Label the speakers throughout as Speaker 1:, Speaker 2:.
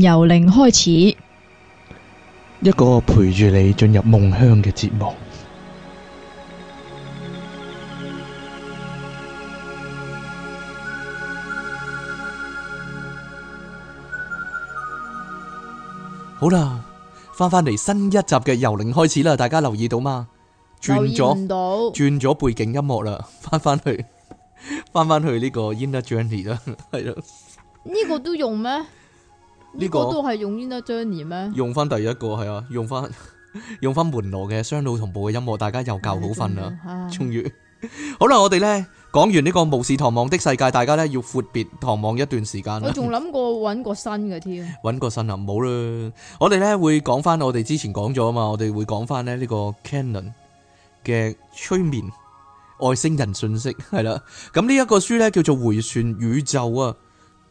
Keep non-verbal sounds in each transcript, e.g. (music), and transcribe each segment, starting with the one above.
Speaker 1: 由零開
Speaker 2: 始，一個陪住你進入夢鄉嘅節目。好啦，翻翻嚟，新一集嘅由零開始啦，大家留意到嗎？
Speaker 1: 轉咗，
Speaker 2: 轉咗背景音樂啦，翻翻去，翻翻去呢個 Inner Journey 啦，係咯，
Speaker 1: 呢個都用咩？呢、這個都係用《Indiana Jones》咩？
Speaker 2: 用翻第一個係啊，用翻用翻門羅嘅雙腦同步嘅音樂，大家又教好瞓啦。穿越、啊、終於 (laughs) 好啦，我哋咧講完呢、這個巫士唐望的世界，大家咧要闊別唐望一段時間啦、啊啊。我仲
Speaker 1: 諗過揾個新嘅添，
Speaker 2: 揾個新唔好啦。我哋咧會講翻我哋之前講咗啊嘛，我哋會講翻咧呢個 Cannon 嘅催眠外星人訊息係啦。咁呢一個書咧叫做迴旋宇宙啊。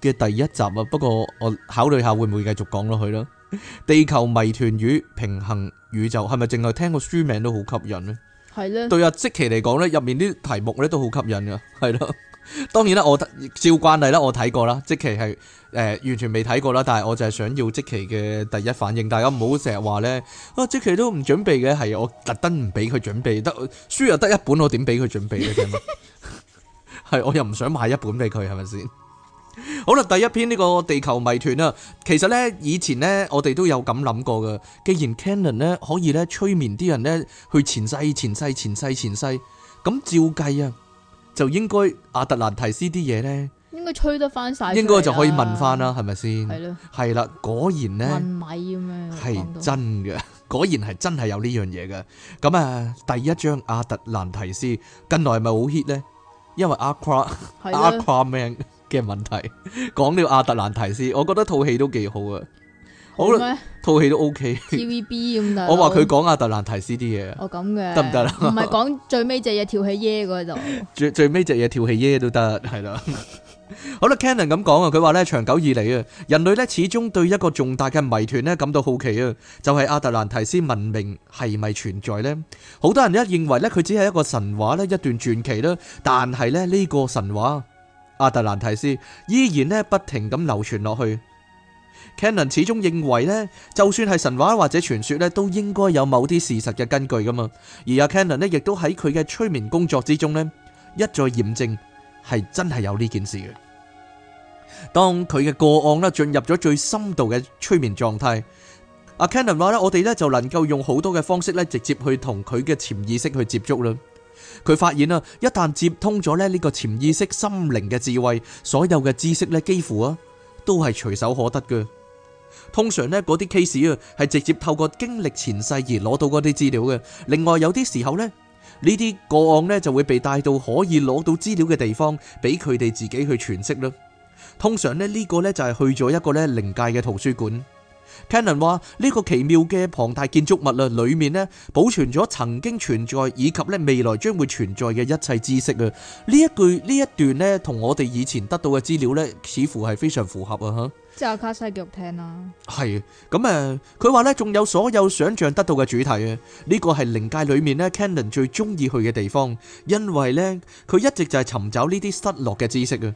Speaker 2: 嘅第一集啊，不過我考慮下會唔會繼續講落去囉。 (laughs) 地球謎團與平衡宇宙係咪淨係聽個書名都好吸引呢？
Speaker 1: 係咧的。對
Speaker 2: 阿積奇嚟講咧，入面啲題目咧都好吸引噶，係咯。 (laughs) 當然啦，我照慣例啦，我睇過啦。積奇係誒完全未睇過啦，但係我就係想要積奇嘅第一反應。大家唔好成日話咧，啊積奇都唔準備嘅，係我特登唔俾佢準備得書又得一本，我點俾佢準備咧？係 (laughs) (laughs) (laughs) (laughs) 我又唔想買一本俾佢，係咪先？好啦，第一篇呢、這個地球謎團啊，其實咧以前咧我哋都有咁諗過噶。既然 Canon 咧可以咧催眠啲人咧去前世、前世、前世、前世，咁照計啊就應該亞特蘭提斯啲嘢咧，
Speaker 1: 應該催得翻晒，應該就可以
Speaker 2: 問翻啦，係咪先？係咯，係啦，果然咧
Speaker 1: 係真
Speaker 2: 嘅，果然係真係有呢樣嘢嘅。咁、嗯、啊，第一章亞特蘭提斯近來係咪好 hit 咧？因為阿誇阿誇名。 (laughs) 啊嘅問題講了阿特蘭堤斯，我覺得套戲都幾好啊！
Speaker 1: 好，
Speaker 2: 套戲都 OK。TVB 咁，
Speaker 1: 我話佢
Speaker 2: 講阿特蘭堤斯啲嘢，我
Speaker 1: 咁嘅得唔得？唔係講最尾隻嘢跳起耶嗰
Speaker 2: 度，最最尾隻嘢跳起耶都得，係啦。好啦，Canon 咁講啊，佢話咧，長久以嚟啊，人類咧始終對一個重大嘅謎團咧感到好奇啊，就係阿特蘭堤斯文明係咪存在咧？好多人咧認為咧，佢只係一個神話咧，一段傳奇啦。但係咧，呢個神話。阿特蘭提斯依然咧不停咁流傳落去。Cannon 始終認為咧，就算係神話或者傳說咧，都應該有某啲事實嘅根據噶嘛。而阿 Cannon 咧，亦都喺佢嘅催眠工作之中咧，一再驗證係真係有呢件事嘅。當佢嘅個案咧進入咗最深度嘅催眠狀態，阿 Cannon 話咧，我哋呢，就能夠用好多嘅方式咧，直接去同佢嘅潛意識去接觸啦。佢發現啊，一旦接通咗咧呢個潛意識心靈嘅智慧，所有嘅知識咧幾乎啊都係隨手可得嘅。通常咧，嗰啲 case 啊係直接透過經歷前世而攞到嗰啲資料嘅。另外有啲時候呢，呢啲個案咧就會被帶到可以攞到資料嘅地方，俾佢哋自己去詮釋啦。通常咧呢個咧就係去咗一個咧靈界嘅圖書館。Cannon 話：呢、這個奇妙嘅龐大建築物啊，裡面咧保存咗曾經存在以及咧未來將會存在嘅一切知識啊！呢一句呢一段咧，同我哋以前得到嘅資料咧，似乎係非常符合啊！嚇，
Speaker 1: 即係卡西繼續聽啦。
Speaker 2: 係啊，咁啊，佢話咧仲有所有想象得到嘅主題啊！呢個係靈界裡面咧，Cannon 最中意去嘅地方，因為咧佢一直就係尋找呢啲失落嘅知識啊！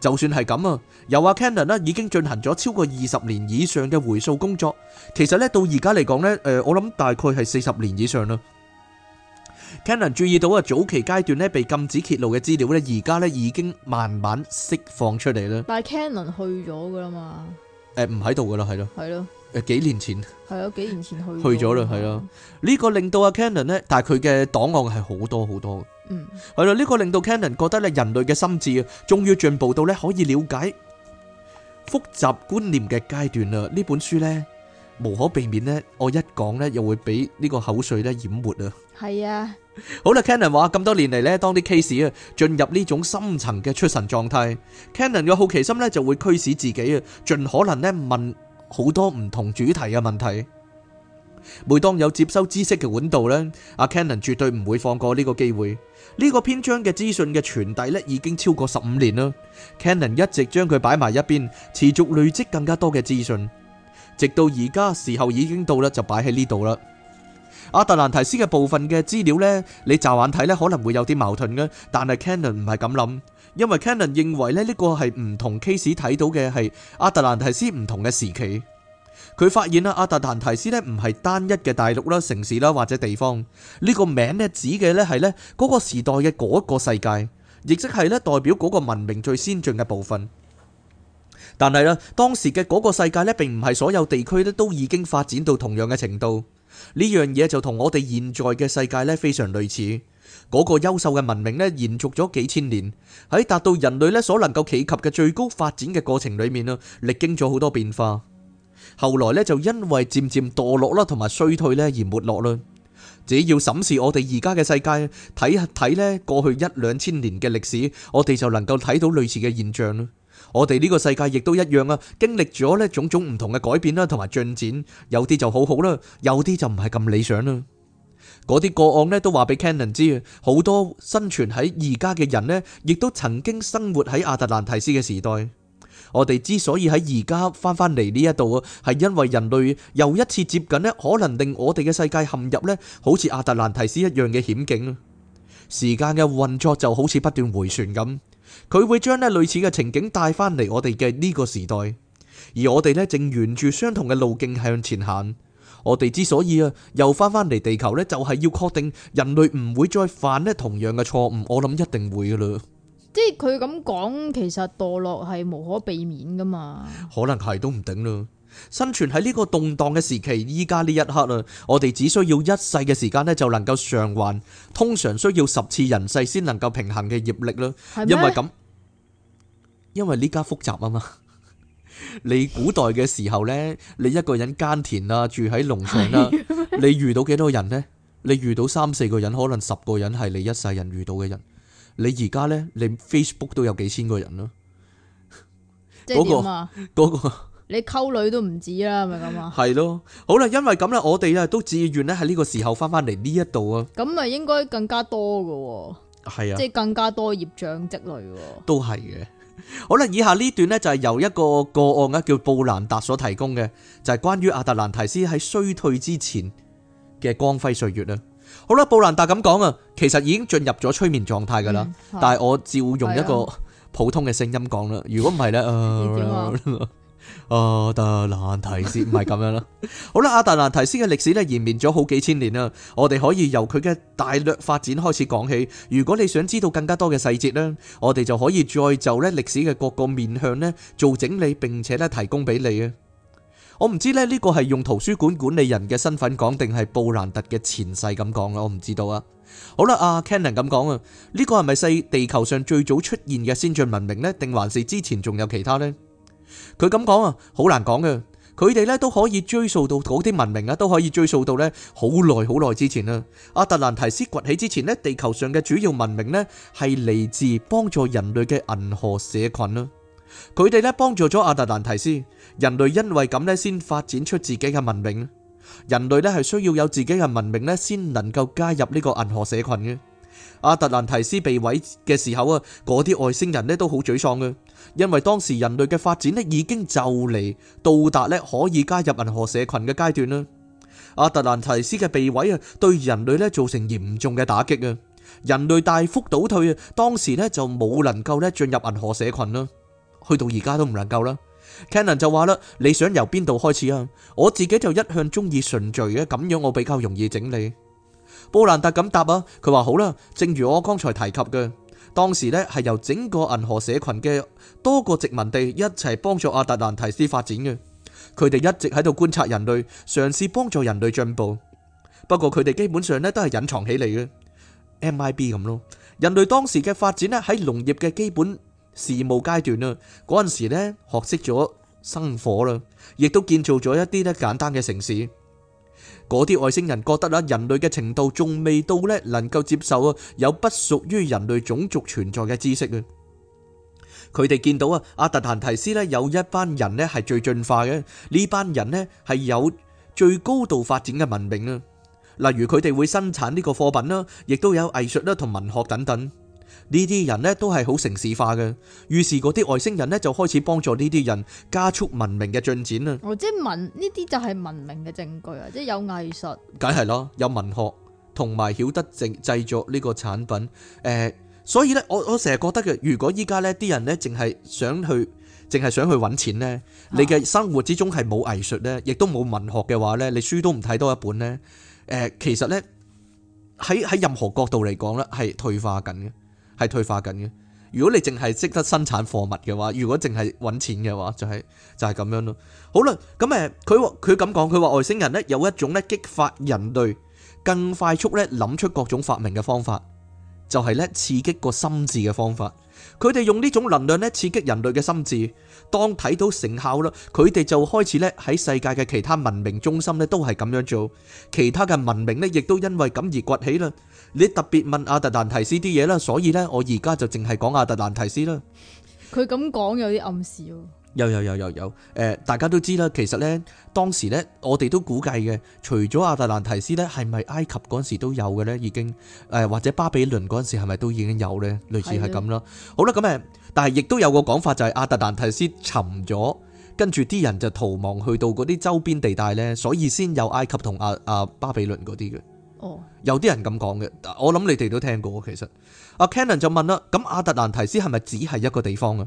Speaker 2: 就算係咁啊，由阿 Canon 咧已經進行咗超過二十年以上嘅回溯工作，其實咧到而家嚟講咧，誒我諗大概係四十年以上啦。Canon 注意到啊，早期階段咧被禁止揭露嘅資料咧，而家咧已經慢慢釋放出嚟啦。
Speaker 1: 但係 Canon 去咗㗎喇
Speaker 2: 嘛？誒唔喺度㗎喇，係咯，係咯，誒了幾年前，係咯，幾年前
Speaker 1: 去去咗啦，
Speaker 2: 係咯。呢、這個令到阿 Canon 咧，但係佢嘅檔案係好多好多。係啦，呢個令到 Cannon 覺得咧，人類嘅心智啊，終於進步到咧可以了解複雜觀念嘅階段啦。呢本書咧，無可避免咧，我一講咧，又會俾呢個口水咧淹沒啊。係啊，好啦，Cannon 話咁多年嚟咧，當啲 case 啊，進入呢種深層嘅出神狀態，Cannon 嘅好奇心咧，就會驅使自己啊，盡可能咧問好多唔同主題嘅問題。每當有接收知識嘅管道咧，阿 Cannon 絕對唔會放過呢個機會。呢個篇章嘅資訊嘅傳遞咧已經超過十五年啦 Cannon 一直將佢擺埋一邊，持續累積更加多嘅資訊，直到而家時候已經到啦，就擺喺呢度啦。阿特蘭提斯嘅部分嘅資料呢，你乍眼睇咧可能會有啲矛盾嘅，但係 Cannon 唔係咁諗，因為 Cannon 認為咧呢個係唔同 case 睇到嘅係阿特蘭提斯唔同嘅時期。佢發現啦，阿特蘭提斯咧唔係單一嘅大陸啦、城市啦或者地方，呢個名咧指嘅咧係咧嗰個時代嘅嗰個世界，亦即係咧代表嗰個文明最先進嘅部分。但係啦，當時嘅嗰個世界咧，並唔係所有地區咧都已經發展到同樣嘅程度。呢樣嘢就同我哋現在嘅世界咧非常類似。嗰個優秀嘅文明咧延續咗幾千年，喺達到人類咧所能夠企及嘅最高發展嘅過程裏面啦，歷經咗好多變化。後來咧就因為漸漸墮落啦，同埋衰退咧而沒落啦。只要審視我哋而家嘅世界，睇下睇呢過去一兩千年嘅歷史，我哋就能夠睇到類似嘅現象啦。我哋呢個世界亦都一樣啊，經歷咗呢種種唔同嘅改變啦，同埋進展，有啲就好好啦，有啲就唔係咁理想啦。嗰啲個案呢，都話俾 Canon 知，好多生存喺而家嘅人呢，亦都曾經生活喺亞特蘭提斯嘅時代。我哋之所以喺而家翻返嚟呢一度啊，係因為人類又一次接近咧，可能令我哋嘅世界陷入咧，好似阿特蘭堤斯一樣嘅險境啊！時間嘅運作就好似不斷回旋咁，佢會將咧類似嘅情景帶翻嚟我哋嘅呢個時代，而我哋咧正沿住相同嘅路徑向前行。我哋之所以啊，又翻返嚟地球咧，就係要確定人類唔會再犯咧同樣嘅錯誤。我諗一定會噶啦。
Speaker 1: 即係佢咁講，其實墮落係無可避免噶嘛？
Speaker 2: 可能係都唔定啦。生存喺呢個動盪嘅時期，依家呢一刻啦，我哋只需要一世嘅時間呢，就能夠償還通常需要十次人世先能夠平衡嘅業力啦。係咩？因為咁，因為呢家複雜啊嘛。 (laughs) 你古代嘅時候呢，你一個人耕田啊，住喺農場啦， (laughs) 你遇到幾多人呢？你遇到三四個人，可能十個人係你一世人遇到嘅人。你而家咧，你 Facebook 都有幾千個人咯，
Speaker 1: 即係咁啊，嗰個你溝女都唔止啦，係咪咁啊？
Speaker 2: 係咯，好啦，因為咁啦，我哋啊都自願咧喺呢個時候翻翻嚟呢一度啊，
Speaker 1: 咁咪應該更加多噶，
Speaker 2: 係啊，即係
Speaker 1: 更加多業障之類嘅，
Speaker 2: 都係嘅。好啦，以下呢段咧就係由一個個案啊，叫布蘭達所提供嘅，就係關於阿特蘭提斯喺衰退之前嘅光輝歲月啦。好啦，布蘭達咁講啊，其實已經進入咗催眠狀態噶啦，但係我照用一個普通嘅聲音講啦。如果唔係咧，阿特蘭堤斯唔係咁樣啦。好啦，阿特蘭堤斯嘅歷史咧延綿咗好幾千年啦，我哋可以由佢嘅大略發展開始講起。如果你想知道更加多嘅細節咧，我哋就可以再就咧歷史嘅各個面向咧做整理，並且咧提供俾你啊。我唔知咧，呢個係用圖書館管理人嘅身份講定係布蘭特嘅前世咁講咯，我唔知道啊。好啦，阿 Cannon 咁講啊，呢個係咪係地球上最早出現嘅先進文明呢？定還是之前仲有其他呢？佢咁講啊，好難講噶。佢哋咧都可以追溯到嗰啲文明啊，都可以追溯到呢好耐好耐之前啊。阿特蘭提斯崛起之前呢，地球上嘅主要文明呢係嚟自幫助人類嘅銀河社群啊。佢哋咧幫助咗阿特蘭提斯。人類因為咁咧，先發展出自己嘅文明。人類咧係需要有自己嘅文明咧，先能夠加入呢個銀河社群嘅。阿特蘭提斯被毀嘅時候啊，嗰啲外星人咧都好沮喪嘅，因為當時人類嘅發展咧已經就嚟到達咧可以加入銀河社群嘅階段啦。阿特蘭提斯嘅被毀啊，對人類咧造成嚴重嘅打擊啊，人類大幅倒退啊，當時咧就冇能夠咧進入銀河社群啦，去到而家都唔能夠啦。Cannon 就話啦，你想由邊度開始啊？我自己就一向中意順序嘅，咁樣我比較容易整理。波蘭特咁答啊，佢話好啦，正如我剛才提及嘅，當時呢係由整個銀河社群嘅多個殖民地一齊幫助阿特蘭堤斯發展嘅，佢哋一直喺度觀察人類，嘗試幫助人類進步。不過佢哋基本上呢都係隱藏起嚟嘅，MIB 咁咯。人類當時嘅發展呢，喺農業嘅基本事務階段啦，嗰陣時咧學識咗生火啦，亦都建造咗一啲咧簡單嘅城市。嗰啲外星人覺得啦，人類嘅程度仲未到咧，能夠接受啊有不屬於人類種族存在嘅知識啊。佢哋見到啊阿特蘭堤斯咧有一班人咧係最進化嘅，呢班人咧係有最高度發展嘅文明啊。例如佢哋會生產呢個貨品啦，亦都有藝術啦同文學等等。呢啲人呢都係好城市化嘅，於是嗰啲外星人呢，就開始幫助呢啲人加速文明嘅進展啊。
Speaker 1: 即係文呢啲就係文明嘅證據啊，即係有藝術，
Speaker 2: 梗係咯，有文學同埋曉得製製作呢個產品誒、呃，所以呢，我我成日覺得嘅，如果依家呢啲人呢，淨係想去淨係想去揾錢呢，啊、你嘅生活之中係冇藝術呢，亦都冇文學嘅話呢，你書都唔睇多一本呢。誒、呃，其實呢，喺喺任何角度嚟講呢，係退化緊嘅。係退化緊嘅。如果你淨係識得生產貨物嘅話，如果淨係揾錢嘅話，就是，就係就係咁樣咯。好啦，咁、嗯、誒，佢佢咁講，佢話外星人咧有一種咧激發人類更快速咧諗出各種發明嘅方法，就係，是、咧刺激個心智嘅方法。佢哋用呢種能量咧刺激人類嘅心智。當睇到成效啦，佢哋就開始咧喺世界嘅其他文明中心咧都係咁樣做，其他嘅文明咧亦都因為咁而崛起啦。你特別問阿特蘭提斯啲嘢啦，所以呢，我而家就淨係講阿特蘭提斯啦。
Speaker 1: 佢咁講，有啲暗示。
Speaker 2: 有有有有有，誒、呃，大家都知啦。其實咧，當時咧，我哋都估計嘅，除咗阿特蘭堤斯咧，係咪埃及嗰陣時都有嘅咧？已經誒、呃，或者巴比倫嗰陣時係咪都已經有咧？類似係咁啦。的好啦，咁誒，但係亦都有個講法就係、是、阿特蘭堤斯沉咗，跟住啲人就逃亡去到嗰啲周邊地帶咧，所以先有埃及同阿阿、啊、巴比倫嗰啲嘅。哦，有啲人咁講嘅，我諗你哋都聽過。其實阿、啊、Canon 就問啦，咁、啊、阿特蘭堤斯係咪只係一個地方啊？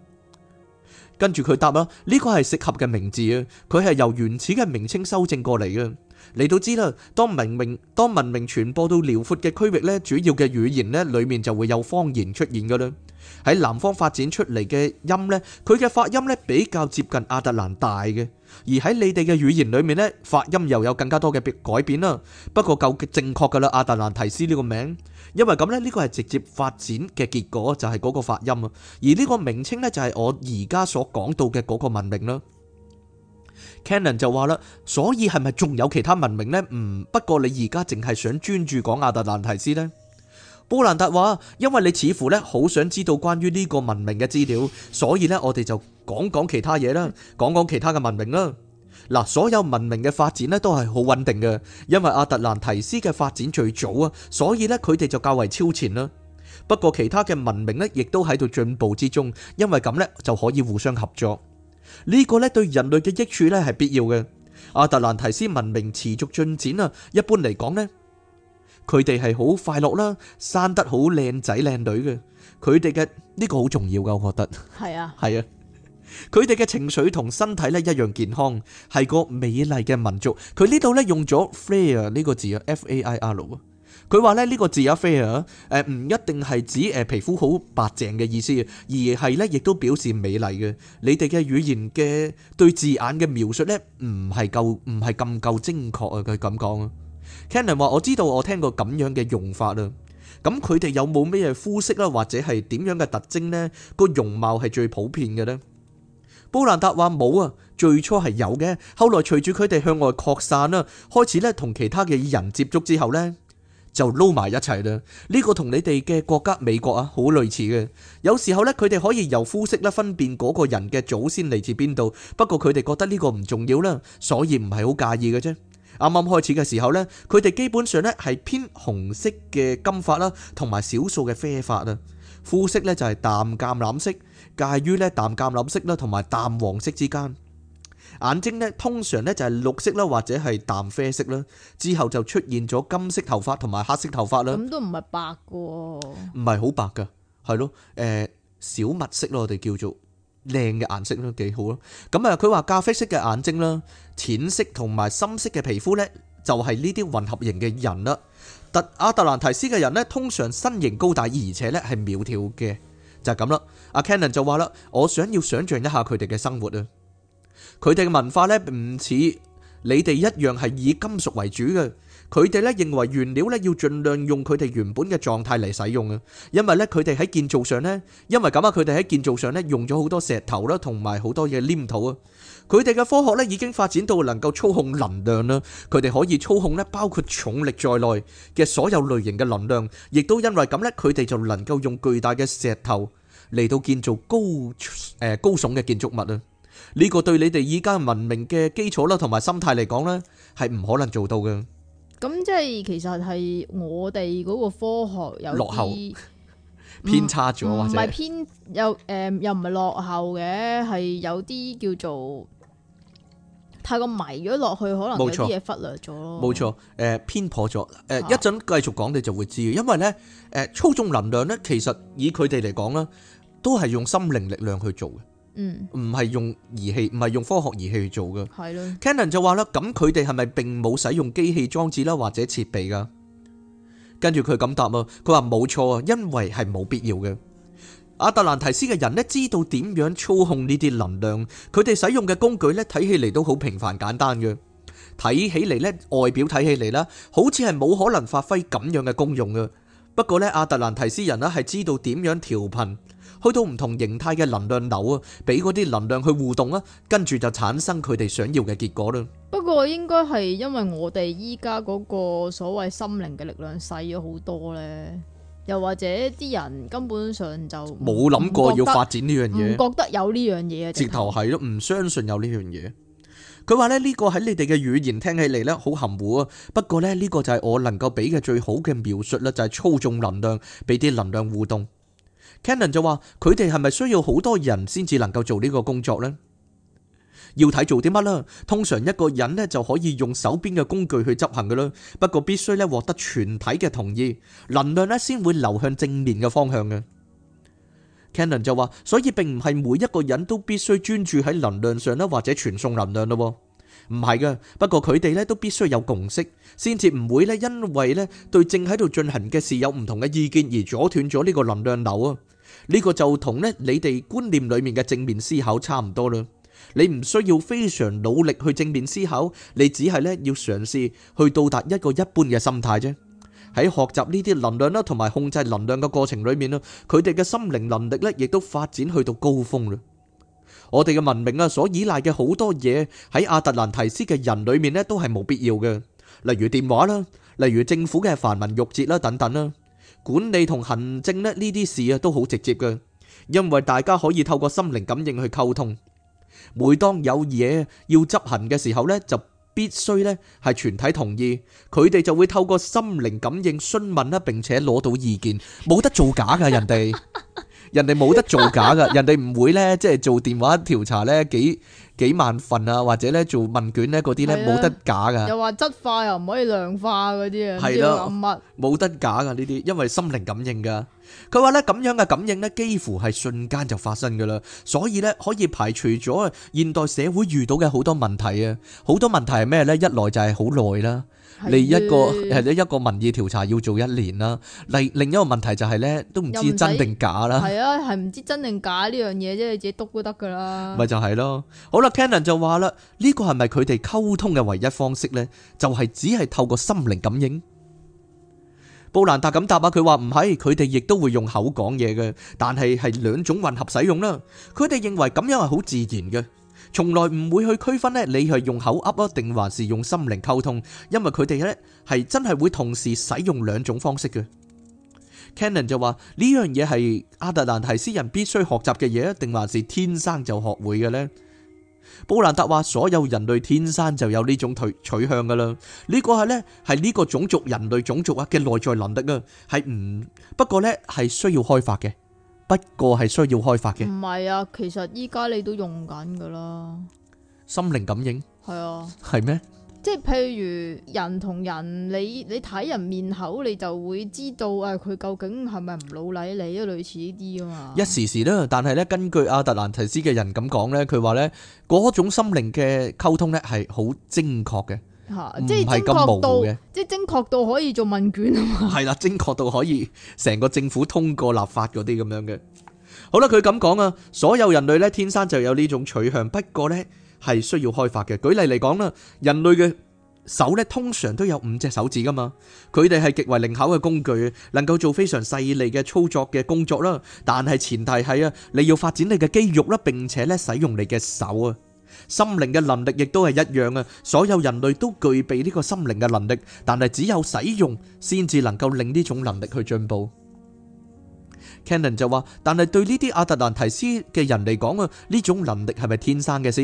Speaker 2: 跟住佢答啦，呢個係適合嘅名字啊，佢係由原始嘅名稱修正過嚟嘅。你都知啦，當文明當文明傳播到遼闊嘅區域呢，主要嘅語言呢裏面就會有方言出現㗎喇。喺南方發展出嚟嘅音咧，佢嘅發音咧比較接近亞特蘭大嘅，而喺你哋嘅語言裏面咧，發音又有更加多嘅改變啦。不過夠正確噶啦，亞特蘭提斯呢個名，因為咁咧，呢個係直接發展嘅結果，就係嗰個發音啊。而呢個名稱咧，就係我而家所講到嘅嗰個文明啦。Cannon 就話啦，所以係咪仲有其他文明咧？唔不過你而家淨係想專注講亞特蘭提斯咧？布蘭達話，因為你似乎咧好想知道關於呢個文明嘅資料，所以咧我哋就講講其他嘢啦，講講其他嘅文明啦。嗱，所有文明嘅發展咧都係好穩定嘅，因為阿特蘭提斯嘅發展最早啊，所以咧佢哋就較為超前啦。不過其他嘅文明咧亦都喺度進步之中，因為咁咧就可以互相合作。呢個咧對人類嘅益處咧係必要嘅。阿特蘭提斯文明持續進展啊，一般嚟講咧。佢哋係好快樂啦，生得好靚仔靚女嘅，佢哋嘅呢個好重要噶，我覺得。係啊，係啊，佢哋嘅情緒同身體咧一樣健康，係個美麗嘅民族。佢呢度咧用咗 fair 呢個字啊，F A I R 啊。佢話咧呢個字啊 fair，誒，唔一定係指誒皮膚好白淨嘅意思，而係咧亦都表示美麗嘅。你哋嘅語言嘅對字眼嘅描述咧，唔係夠，唔係咁夠精確啊，佢咁講啊。Kenan 話：我知道我聽過咁樣嘅用法啦。咁佢哋有冇咩嘢膚色啦，或者係點樣嘅特徵咧？個容貌係最普遍嘅咧。布蘭達話冇啊，最初係有嘅，後來隨住佢哋向外擴散啦，開始咧同其他嘅人接觸之後咧，就撈埋一齊啦。呢個同你哋嘅國家美國啊，好類似嘅。有時候咧，佢哋可以由膚色咧分辨嗰個人嘅祖先嚟自邊度。不過佢哋覺得呢個唔重要啦，所以唔係好介意嘅啫。啱啱開始嘅時候呢，佢哋基本上咧係偏紅色嘅金髮啦，同埋少數嘅啡髮啊，膚色呢就係淡橄欖色，介於咧淡橄欖色啦同埋淡黃色之間。眼睛呢通常呢就係綠色啦，或者係淡啡色啦。之後就出現咗金色頭髮同埋黑色頭髮啦。咁
Speaker 1: 都唔係白嘅
Speaker 2: 喎。唔係好白嘅，係咯，誒、呃，小麥色咯，我哋叫做。靚嘅顏色都幾好咯，咁啊佢話咖啡色嘅眼睛啦，淺色同埋深色嘅皮膚呢，就係呢啲混合型嘅人啦。特阿特蘭提斯嘅人呢，通常身形高大，而且咧係苗條嘅，就係咁啦。阿 Cannon 就話啦：我想要想像一下佢哋嘅生活啊，佢哋嘅文化呢，唔似你哋一樣係以金屬為主嘅。佢哋咧認為原料咧要盡量用佢哋原本嘅狀態嚟使用啊，因為咧佢哋喺建造上咧，因為咁啊，佢哋喺建造上咧用咗好多石頭啦，同埋好多嘢黏土啊。佢哋嘅科學咧已經發展到能夠操控能量啦。佢哋可以操控咧，包括重力在內嘅所有類型嘅能量，亦都因為咁咧，佢哋就能夠用巨大嘅石頭嚟到建造高誒高聳嘅建築物啊。呢個對你哋依家文明嘅基礎啦，同埋心態嚟講咧，係唔可能做到嘅。
Speaker 1: 咁即係其實係我哋嗰個科學有啲落後
Speaker 2: 偏差咗，或者唔係偏
Speaker 1: 又誒，又唔係落後嘅，係有啲叫做太過迷咗落去，可能有啲嘢忽略咗咯。冇錯，
Speaker 2: 誒偏頗咗。誒，一陣繼續講，你就會知，因為咧，誒，操縱能量咧，其實以佢哋嚟講咧，都係用心靈力量去做嘅。嗯，唔係用儀器，唔係用科學儀器去做噶。係咯，Canon 就話啦，咁佢哋係咪並冇使用機器裝置啦，或者設備噶？跟住佢咁答啊，佢話冇錯啊，因為係冇必要嘅。阿特蘭提斯嘅人呢，知道點樣操控呢啲能量，佢哋使用嘅工具呢，睇起嚟都好平凡簡單嘅，睇起嚟呢，外表睇起嚟啦，好似係冇可能發揮咁樣嘅功用嘅。不過呢，阿特蘭提斯人呢係知道點樣調頻。去到唔同形態嘅能量流啊，俾嗰啲能量去互動啊，跟住就產生佢哋想要嘅結果啦。
Speaker 1: 不過應該係因為我哋依家嗰個所謂心靈嘅力量細咗好多咧，又或者啲人根本上就冇諗過要發展呢樣嘢，唔覺得有呢樣嘢
Speaker 2: 啊，直頭係咯，唔相信有呢樣嘢。佢話咧，呢個喺你哋嘅語言聽起嚟咧好含糊啊，不過咧，呢個就係我能夠俾嘅最好嘅描述啦，就係操縱能量，俾啲能量互動。Cannon 就話：佢哋係咪需要好多人先至能夠做呢個工作呢？要睇做啲乜啦。通常一個人咧就可以用手邊嘅工具去執行嘅啦。不過必須咧獲得全體嘅同意，能量咧先會流向正面嘅方向嘅。Cannon 就話：所以並唔係每一個人都必須專注喺能量上咧，或者傳送能量咯。唔係噶不過佢哋咧都必須有共識，先至唔會咧因為咧對正喺度進行嘅事有唔同嘅意見而阻斷咗呢個能量流啊！呢個就同咧你哋觀念裏面嘅正面思考差唔多啦。你唔需要非常努力去正面思考，你只係咧要嘗試去到達一個一般嘅心態啫。喺學習呢啲能量啦，同埋控制能量嘅過程裏面啦，佢哋嘅心靈能力咧亦都發展去到高峰啦。我哋嘅文明啊，所依賴嘅好多嘢喺阿特蘭提斯嘅人裏面咧，都係冇必要嘅，例如電話啦，例如政府嘅繁文縟節啦，等等啦，管理同行政咧呢啲事啊都好直接嘅，因為大家可以透過心靈感應去溝通。每當有嘢要執行嘅時候咧，就必須咧係全體同意，佢哋就會透過心靈感應詢問啦，並且攞到意見，冇得做假噶，人哋。人哋冇得造假噶。 (laughs) 人哋唔會呢，即係做電話調查呢，幾幾萬份啊，或者呢做問卷呢嗰啲呢，冇的得假噶。又
Speaker 1: 話質化又唔可以量化嗰啲啊，唔的知乜。
Speaker 2: 冇得假噶呢啲，因為心靈感應噶。佢話呢，咁樣嘅感應呢幾乎係瞬間就發生噶啦，所以呢，可以排除咗現代社會遇到嘅好多問題啊！好多問題係咩呢？一來就係好耐啦。你一個係咧一個民意調查要做一年啦。嚟另一個問題就係咧，都唔知真定假啦。係
Speaker 1: 啊，係唔知真定假呢樣嘢啫，你自己篤都得噶啦。咪
Speaker 2: 就係咯。好啦，Cannon 就話啦，呢個係咪佢哋溝通嘅唯一方式咧？就係只係透過心靈感應。布蘭達咁答啊，佢話唔係，佢哋亦都會用口講嘢嘅，但係係兩種混合使用啦。佢哋認為咁樣係好自然嘅。從來唔會去區分咧，你係用口噏，咯，定還是用心靈溝通？因為佢哋咧係真係會同時使用兩種方式嘅。Cannon 就話呢樣嘢係阿特蘭堤斯人必須學習嘅嘢，定還是天生就學會嘅咧？布蘭特話：所有人類天生就有呢種取取向噶啦，呢個係咧係呢個種族人類種族啊嘅內在能力啊，係唔不過咧係需要開發嘅。不過係需要開發嘅。
Speaker 1: 唔係啊，其實依家你都用緊噶啦。
Speaker 2: 心靈感應
Speaker 1: 係啊，係咩？即係譬如，人同人，你你睇人面口，你就會知道啊，佢究竟係咪唔老禮你都類似呢啲啊嘛。一
Speaker 2: 時時啦，但係咧根據阿特蘭提斯嘅人咁講咧，佢話咧嗰種心靈嘅溝通咧係好精確嘅。
Speaker 1: 唔係咁毛嘅，即係精確到可以做問卷啊嘛，
Speaker 2: 係啦，精確到可以成個政府通過立法嗰啲咁樣嘅。好啦，佢咁講啊，所有人類咧天生就有呢種取向，不過咧係需要開發嘅。舉例嚟講啦，人類嘅手咧通常都有五隻手指噶嘛，佢哋係極為靈巧嘅工具，能夠做非常細膩嘅操作嘅工作啦。但係前提係啊，你要發展你嘅肌肉啦，並且咧使用你嘅手啊。心靈嘅能力亦都係一樣啊！所有人類都具備呢個心靈嘅能力，但係只有使用先至能夠令呢種能力去進步。Cannon 就話，但係對呢啲阿特蘭堤斯嘅人嚟講啊，呢種能力係咪天生嘅先？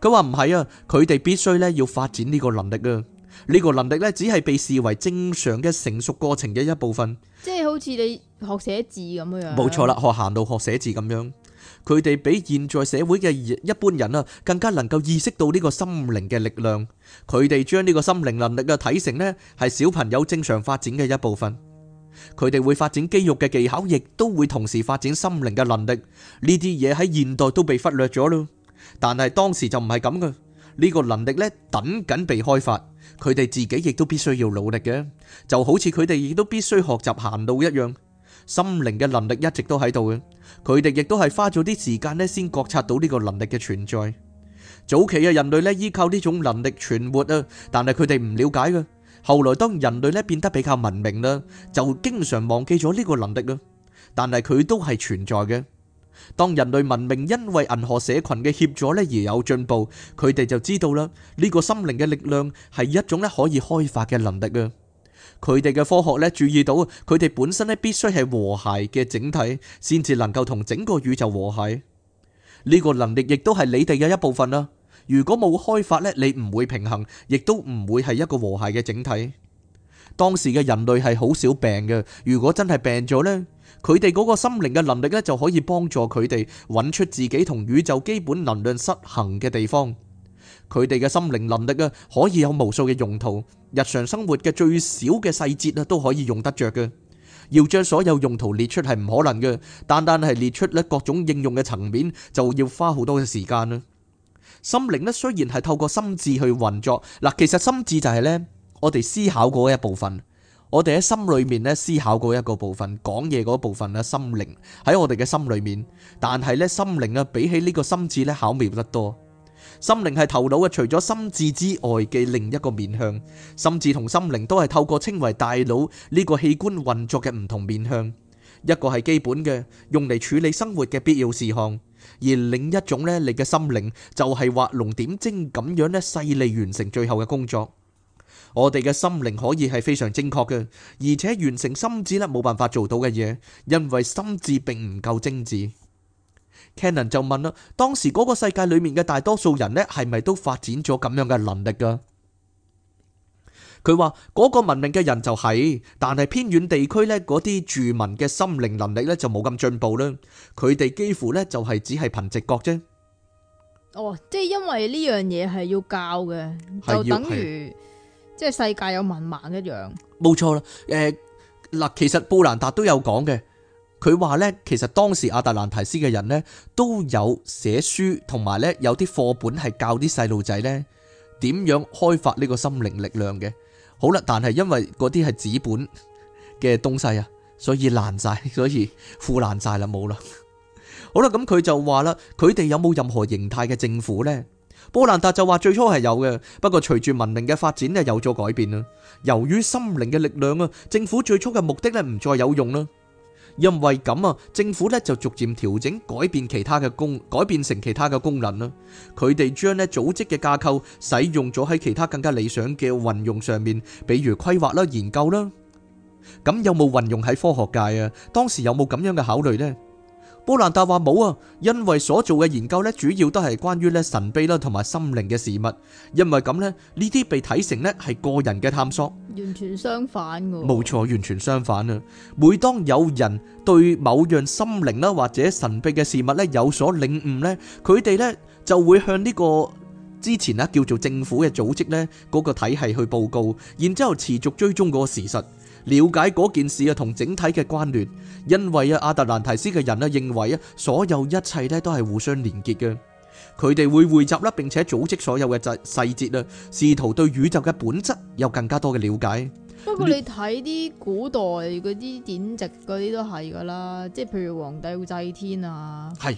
Speaker 2: 佢話唔係啊，佢哋必須咧要發展呢個能力啊！呢個能力咧只係被視為正常嘅成熟過程嘅一部分。
Speaker 1: 即係好似你學寫字咁樣樣。冇錯啦，
Speaker 2: 學行路、學寫字咁樣。佢哋比現在社會嘅一一般人啊，更加能夠意識到呢個心靈嘅力量。佢哋將呢個心靈能力嘅體成呢，係小朋友正常發展嘅一部分。佢哋會發展肌肉嘅技巧，亦都會同時發展心靈嘅能力。呢啲嘢喺現代都被忽略咗咯。但係當時就唔係咁嘅。呢個能力呢，等緊被開發。佢哋自己亦都必須要努力嘅，就好似佢哋亦都必須學習行路一樣。心靈嘅能力一直都喺度嘅。佢哋亦都係花咗啲時間咧，先覺察到呢個能力嘅存在。早期嘅人類咧，依靠呢種能力存活啊，但係佢哋唔了解噶。後來當人類咧變得比較文明啦，就經常忘記咗呢個能力啊。但係佢都係存在嘅。當人類文明因為銀河社群嘅協助咧而有進步，佢哋就知道啦，呢個心靈嘅力量係一種咧可以開發嘅能力啊。佢哋嘅科學咧注意到，佢哋本身咧必須係和諧嘅整體，先至能夠同整個宇宙和諧。呢個能力亦都係你哋嘅一部分啦。如果冇開發咧，你唔會平衡，亦都唔會係一個和諧嘅整體。當時嘅人類係好少病嘅，如果真係病咗咧，佢哋嗰個心靈嘅能力咧就可以幫助佢哋揾出自己同宇宙基本能量失衡嘅地方。佢哋嘅心靈能力啊，可以有無數嘅用途，日常生活嘅最少嘅細節啊，都可以用得着嘅。要將所有用途列出係唔可能嘅，單單係列出呢各種應用嘅層面就要花好多嘅時間啦。心靈呢雖然係透過心智去運作，嗱，其實心智就係呢我哋思考嗰一部分，我哋喺心裏面呢思考嗰一個部分，講嘢嗰部分啦，心靈喺我哋嘅心裏面，但係呢心靈啊比起呢個心智呢巧妙得多。心靈係頭腦嘅除咗心智之外嘅另一個面向，心智同心靈都係透過稱為大腦呢個器官運作嘅唔同面向，一個係基本嘅，用嚟處理生活嘅必要事項，而另一種呢，你嘅心靈就係畫龍點睛咁樣呢細利完成最後嘅工作。我哋嘅心靈可以係非常精確嘅，而且完成心智呢冇辦法做到嘅嘢，因為心智並唔夠精緻。Cannon 就問啦，當時嗰個世界裏面嘅大多數人呢，係咪都發展咗咁樣嘅能力啊？佢話嗰個文明嘅人就係，但係偏遠地區呢，嗰啲住民嘅心靈能力呢，就冇咁進步啦。佢哋幾乎呢，就係只係憑直覺啫。
Speaker 1: 哦，即係因為呢樣嘢係要教嘅，就等於即係世界有文盲一樣。
Speaker 2: 冇錯啦，誒嗱，其實布蘭達都有講嘅。佢話呢，其實當時阿特蘭堤斯嘅人呢，都有寫書，同埋呢，有啲課本係教啲細路仔呢點樣開發呢個心靈力量嘅。好啦，但係因為嗰啲係紙本嘅東西啊，所以爛晒，所以腐爛晒啦，冇啦。好啦，咁佢就話啦，佢哋有冇任何形態嘅政府呢？波蘭達就話最初係有嘅，不過隨住文明嘅發展呢，有咗改變啦。由於心靈嘅力量啊，政府最初嘅目的呢，唔再有用啦。因為咁啊，政府咧就逐漸調整、改變其他嘅功，改變成其他嘅功能啦。佢哋將咧組織嘅架構使用咗喺其他更加理想嘅運用上面，比如規劃啦、研究啦。咁有冇運用喺科學界啊？當時有冇咁樣嘅考慮呢？布蘭達話冇啊，因為所做嘅研究咧，主要都係關於咧神秘啦同埋心靈嘅事物。因為咁咧，呢啲被睇成咧係個人嘅探索。
Speaker 1: 完全相反嘅。
Speaker 2: 冇錯，完全相反啊！每當有人對某樣心靈啦或者神秘嘅事物咧有所領悟咧，佢哋咧就會向呢個之前啦叫做政府嘅組織咧嗰個體系去報告，然之後持續追蹤嗰個事實。了解嗰件事啊，同整體嘅關聯，因為啊，阿特蘭提斯嘅人啊，認為啊，所有一切咧都係互相連結嘅，佢哋會匯集啦，並且組織所有嘅細細節啊，試圖對宇宙嘅本質有更加多嘅了解。
Speaker 1: 不過你睇啲古代嗰啲典籍嗰啲都係噶啦，即係譬如皇帝會祭天啊。係。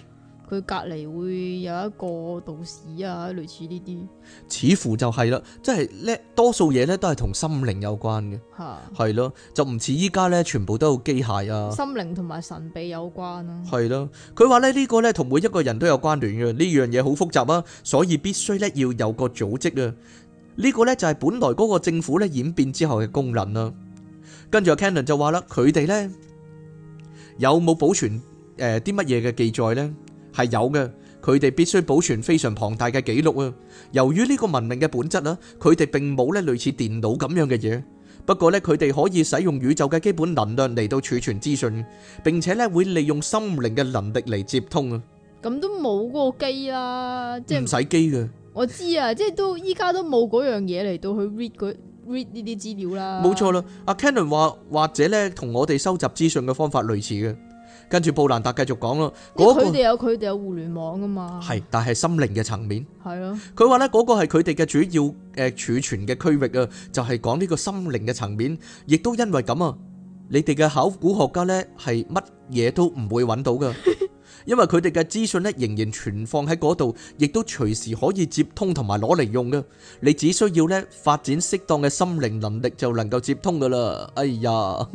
Speaker 1: 佢隔籬會有一個道士啊，類似呢啲，
Speaker 2: 似乎就係啦，即係咧，多數嘢咧都係同心靈有關嘅，係咯，就唔似依家咧，全部都有機械啊。心
Speaker 1: 靈同埋神秘有關啊，係
Speaker 2: 咯。佢話咧呢個咧同每一個人都有關聯嘅，呢樣嘢好複雜啊，所以必須咧要有個組織啊。呢個咧就係本來嗰個政府咧演變之後嘅功能啦。跟住阿 Cannon 就話啦，佢哋咧有冇保存誒啲乜嘢嘅記載咧？係有嘅，佢哋必須保存非常龐大嘅記錄啊！由於呢個文明嘅本質啦，佢哋並冇咧類似電腦咁樣嘅嘢。不過咧，佢哋可以使用宇宙嘅基本能量嚟到儲存資訊，並且咧會利用心靈嘅能力嚟接通啊！
Speaker 1: 咁都冇個機啦，即係唔使機嘅。我知啊，即係都依家都冇嗰樣嘢嚟到去 read 嗰 read 呢啲資料啦。冇錯
Speaker 2: 啦，阿 Cannon 話，或者咧同我哋收集資訊嘅方法類似嘅。跟住布蘭達繼續講咯，嗰，佢哋有佢哋
Speaker 1: 有互聯網噶嘛？係，
Speaker 2: 但係心靈嘅層面係啊。佢話呢，嗰個係佢哋嘅主要誒儲存嘅區域啊，就係講呢個心靈嘅層面，亦都因為咁啊，你哋嘅考古學家呢係乜嘢都唔會揾到噶，因為佢哋嘅資訊呢仍然存放喺嗰度，亦都隨時可以接通同埋攞嚟用噶。你只需要呢發展適當嘅心靈能力就能夠接通噶啦。哎呀！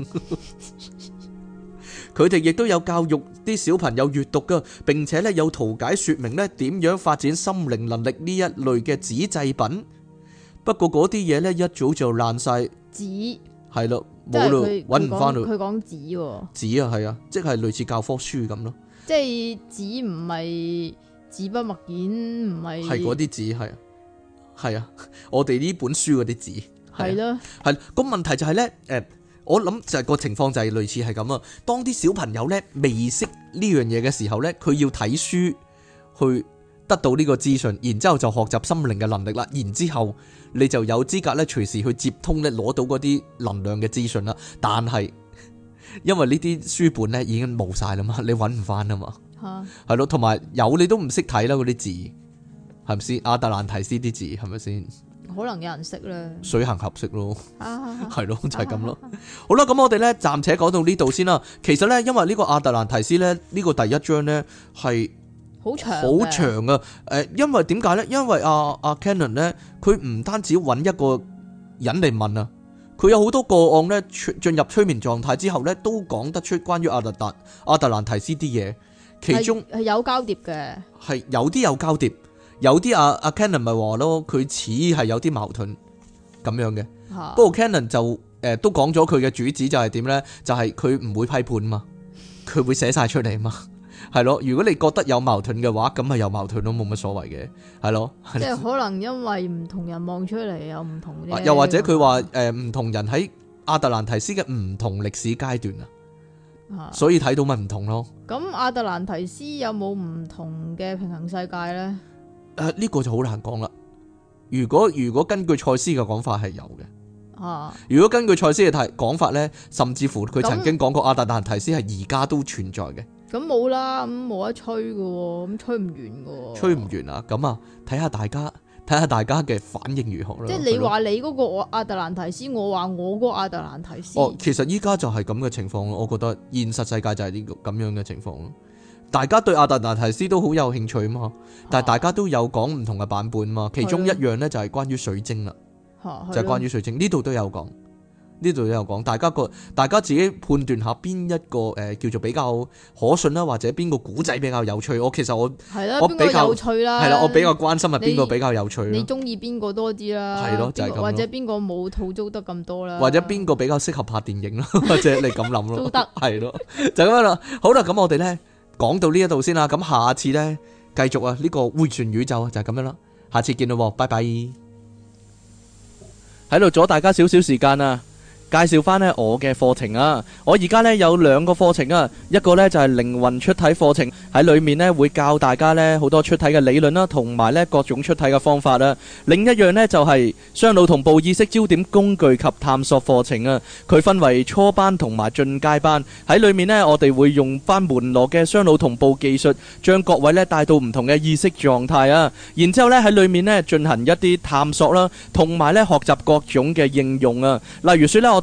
Speaker 2: 佢哋亦都有教育啲小朋友閱讀噶，並且咧有圖解說明咧點樣發展心靈能力呢一類嘅紙製品。不過嗰啲嘢咧，一早就爛晒紙係咯，冇咯，搵唔翻咯。佢
Speaker 1: 講紙，
Speaker 2: 紙啊係啊，即係類似教科書咁咯。
Speaker 1: 即係紙唔係紙筆墨硯唔係係嗰啲
Speaker 2: 紙係啊係啊，我哋呢本書嗰啲紙係咯係。個問題就係咧誒。我諗就係個情況就係類似係咁啊，當啲小朋友咧未識呢樣嘢嘅時候呢，佢要睇書去得到呢個資訊，然之後就學習心靈嘅能力啦。然之後你就有資格咧隨時去接通咧攞到嗰啲能量嘅資訊啦。但係因為呢啲書本咧已經冇晒啦嘛，你揾唔翻啊嘛，係咯，同埋有，有你都唔識睇啦嗰啲字，係咪先？阿特蘭堤斯啲字係咪先？是
Speaker 1: 可能有人識啦，
Speaker 2: 水行合適咯，係、啊啊、 (laughs) 咯，就係、是、咁咯。啊啊啊啊、好啦，咁我哋呢暫且講到呢度先啦。其實、這個呃、呢，因為呢個亞特蘭提斯呢，呢個第一章呢係
Speaker 1: 好長，好長
Speaker 2: 啊。誒，因為點解呢？因為阿阿 Cannon 呢，佢唔單止揾一個人嚟問啊，佢有好多個案呢，進入催眠狀態之後呢，都講得出關於亞特達、亞特蘭提斯啲嘢。其中
Speaker 1: 係有交疊嘅，
Speaker 2: 係有啲有交疊。有啲阿阿 Cannon 咪話咯，佢似係有啲矛盾咁樣嘅。不過的 Cannon 就誒、呃、都講咗佢嘅主旨就係點咧？就係佢唔會批判嘛，佢 (laughs) 會寫晒出嚟嘛，係咯。如果你覺得有矛盾嘅話，咁咪有矛盾咯，冇乜所謂嘅，係咯。即係可
Speaker 1: 能因為唔同人望出嚟有唔同嘅。又或者佢
Speaker 2: 話誒唔同人喺亞特蘭提斯嘅唔同歷史階段啊，
Speaker 1: 的所以睇
Speaker 2: 到咪唔同咯。
Speaker 1: 咁亞特蘭提斯有冇唔同嘅平衡世界咧？
Speaker 2: 誒，呢、啊這個就好難講啦。如果如果根據賽斯嘅講法係有嘅，哦，如果根據賽斯嘅提講法呢、啊，甚至乎佢曾經講過阿特蘭提斯係而家都存在嘅。
Speaker 1: 咁冇、啊、啦，咁、嗯、冇得吹嘅，咁吹唔完嘅，吹
Speaker 2: 唔完啊、哦！咁啊，睇下大家，睇下大家嘅反應如何啦。即係你話
Speaker 1: 你嗰個我阿特蘭提斯，我話我嗰個阿特蘭提斯。哦、啊，
Speaker 2: 其實依家就係咁嘅情況咯。我覺得現實世界就係呢個咁樣嘅情況。大家對阿特蘭堤斯都好有興趣啊嘛，但係大家都有講唔同嘅版本嘛。其中一樣呢，就係、是、關於水晶啦，
Speaker 1: 了就係關於
Speaker 2: 水晶，呢度都有講，呢度都有講。大家個大家自己判斷下邊一個誒、呃、叫做比較可信啦，或者邊個古仔比較有趣。我其實我係啦，了我比較有趣啦，係啦，我比較關心係邊個比較有趣你，你
Speaker 1: 中意邊個多啲啦，係咯了，誰就係咁或者邊個冇杜撰得咁多啦，或者
Speaker 2: 邊個比較適合拍電影啦，或者你咁諗咯，都 (laughs) 做得係咯，就咁樣啦。好啦，咁我哋咧。講到呢一度先啦，咁下次咧繼續啊，呢個回旋宇宙啊就係咁樣啦，下次見咯，拜拜，喺度阻大家少少時間啊。介紹翻呢我嘅課程啊！我而家呢有兩個課程啊，一個呢就係靈魂出體課程，喺裏面呢會教大家呢好多出體嘅理論啦，同埋呢各種出體嘅方法啊。另一樣呢就係雙腦同步意識焦點工具及探索課程啊。佢分為初班同埋進階班，喺裏面呢我哋會用翻門羅嘅雙腦同步技術，將各位呢帶到唔同嘅意識狀態啊。然之後呢喺裏面呢進行一啲探索啦，同埋呢學習各種嘅應用啊。例如説呢我，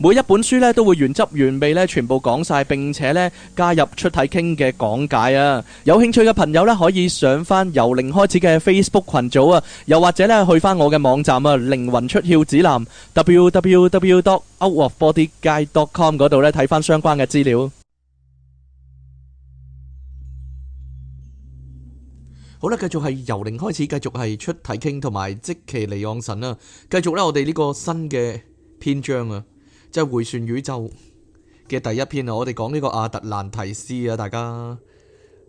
Speaker 2: 每一本書咧都會原汁原味咧，全部講晒，並且咧加入出體傾嘅講解啊。有興趣嘅朋友咧，可以上翻由零開始嘅 Facebook 群組啊，又或者咧去翻我嘅網站啊，靈魂出竅指南 w w w dot out of body guide dot com 嗰度咧睇翻相關嘅資料。好啦，繼續係由零開始，繼續係出體傾同埋即其離岸神啦。繼續呢，我哋呢個新嘅篇章啊！即係回旋宇宙嘅第一篇啊！我哋講呢個阿特蘭提斯啊，大家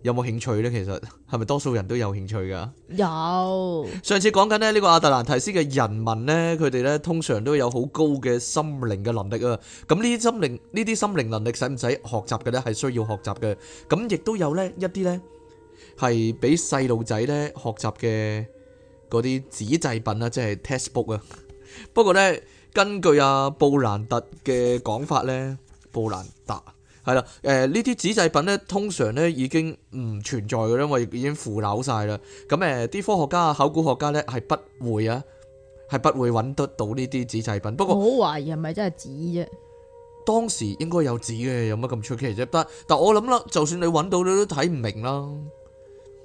Speaker 2: 有冇興趣呢？其實係咪多數人都有興趣噶？
Speaker 1: 有
Speaker 2: 上次講緊咧呢個阿特蘭提斯嘅人民呢，佢哋呢通常都有好高嘅心靈嘅能力啊！咁呢啲心靈呢啲心靈能力使唔使學習嘅呢？係需，需要學習嘅。咁亦都有呢一啲呢，係俾細路仔呢學習嘅嗰啲紙製品啦，即係 textbook 啊。 (laughs) 不過呢。根據阿布蘭特嘅講法呢，布蘭達係啦，誒呢啲紙製品咧，通常咧已經唔存在嘅，因為已經腐朽晒啦。咁誒啲科學家考古學家咧，係不會啊，係不會揾得到呢啲紙製品。不過，我懷疑係咪真係紙啫？當時應該有紙嘅，有乜咁出奇啫？得，但我諗啦，就算你揾到，你都睇唔明啦，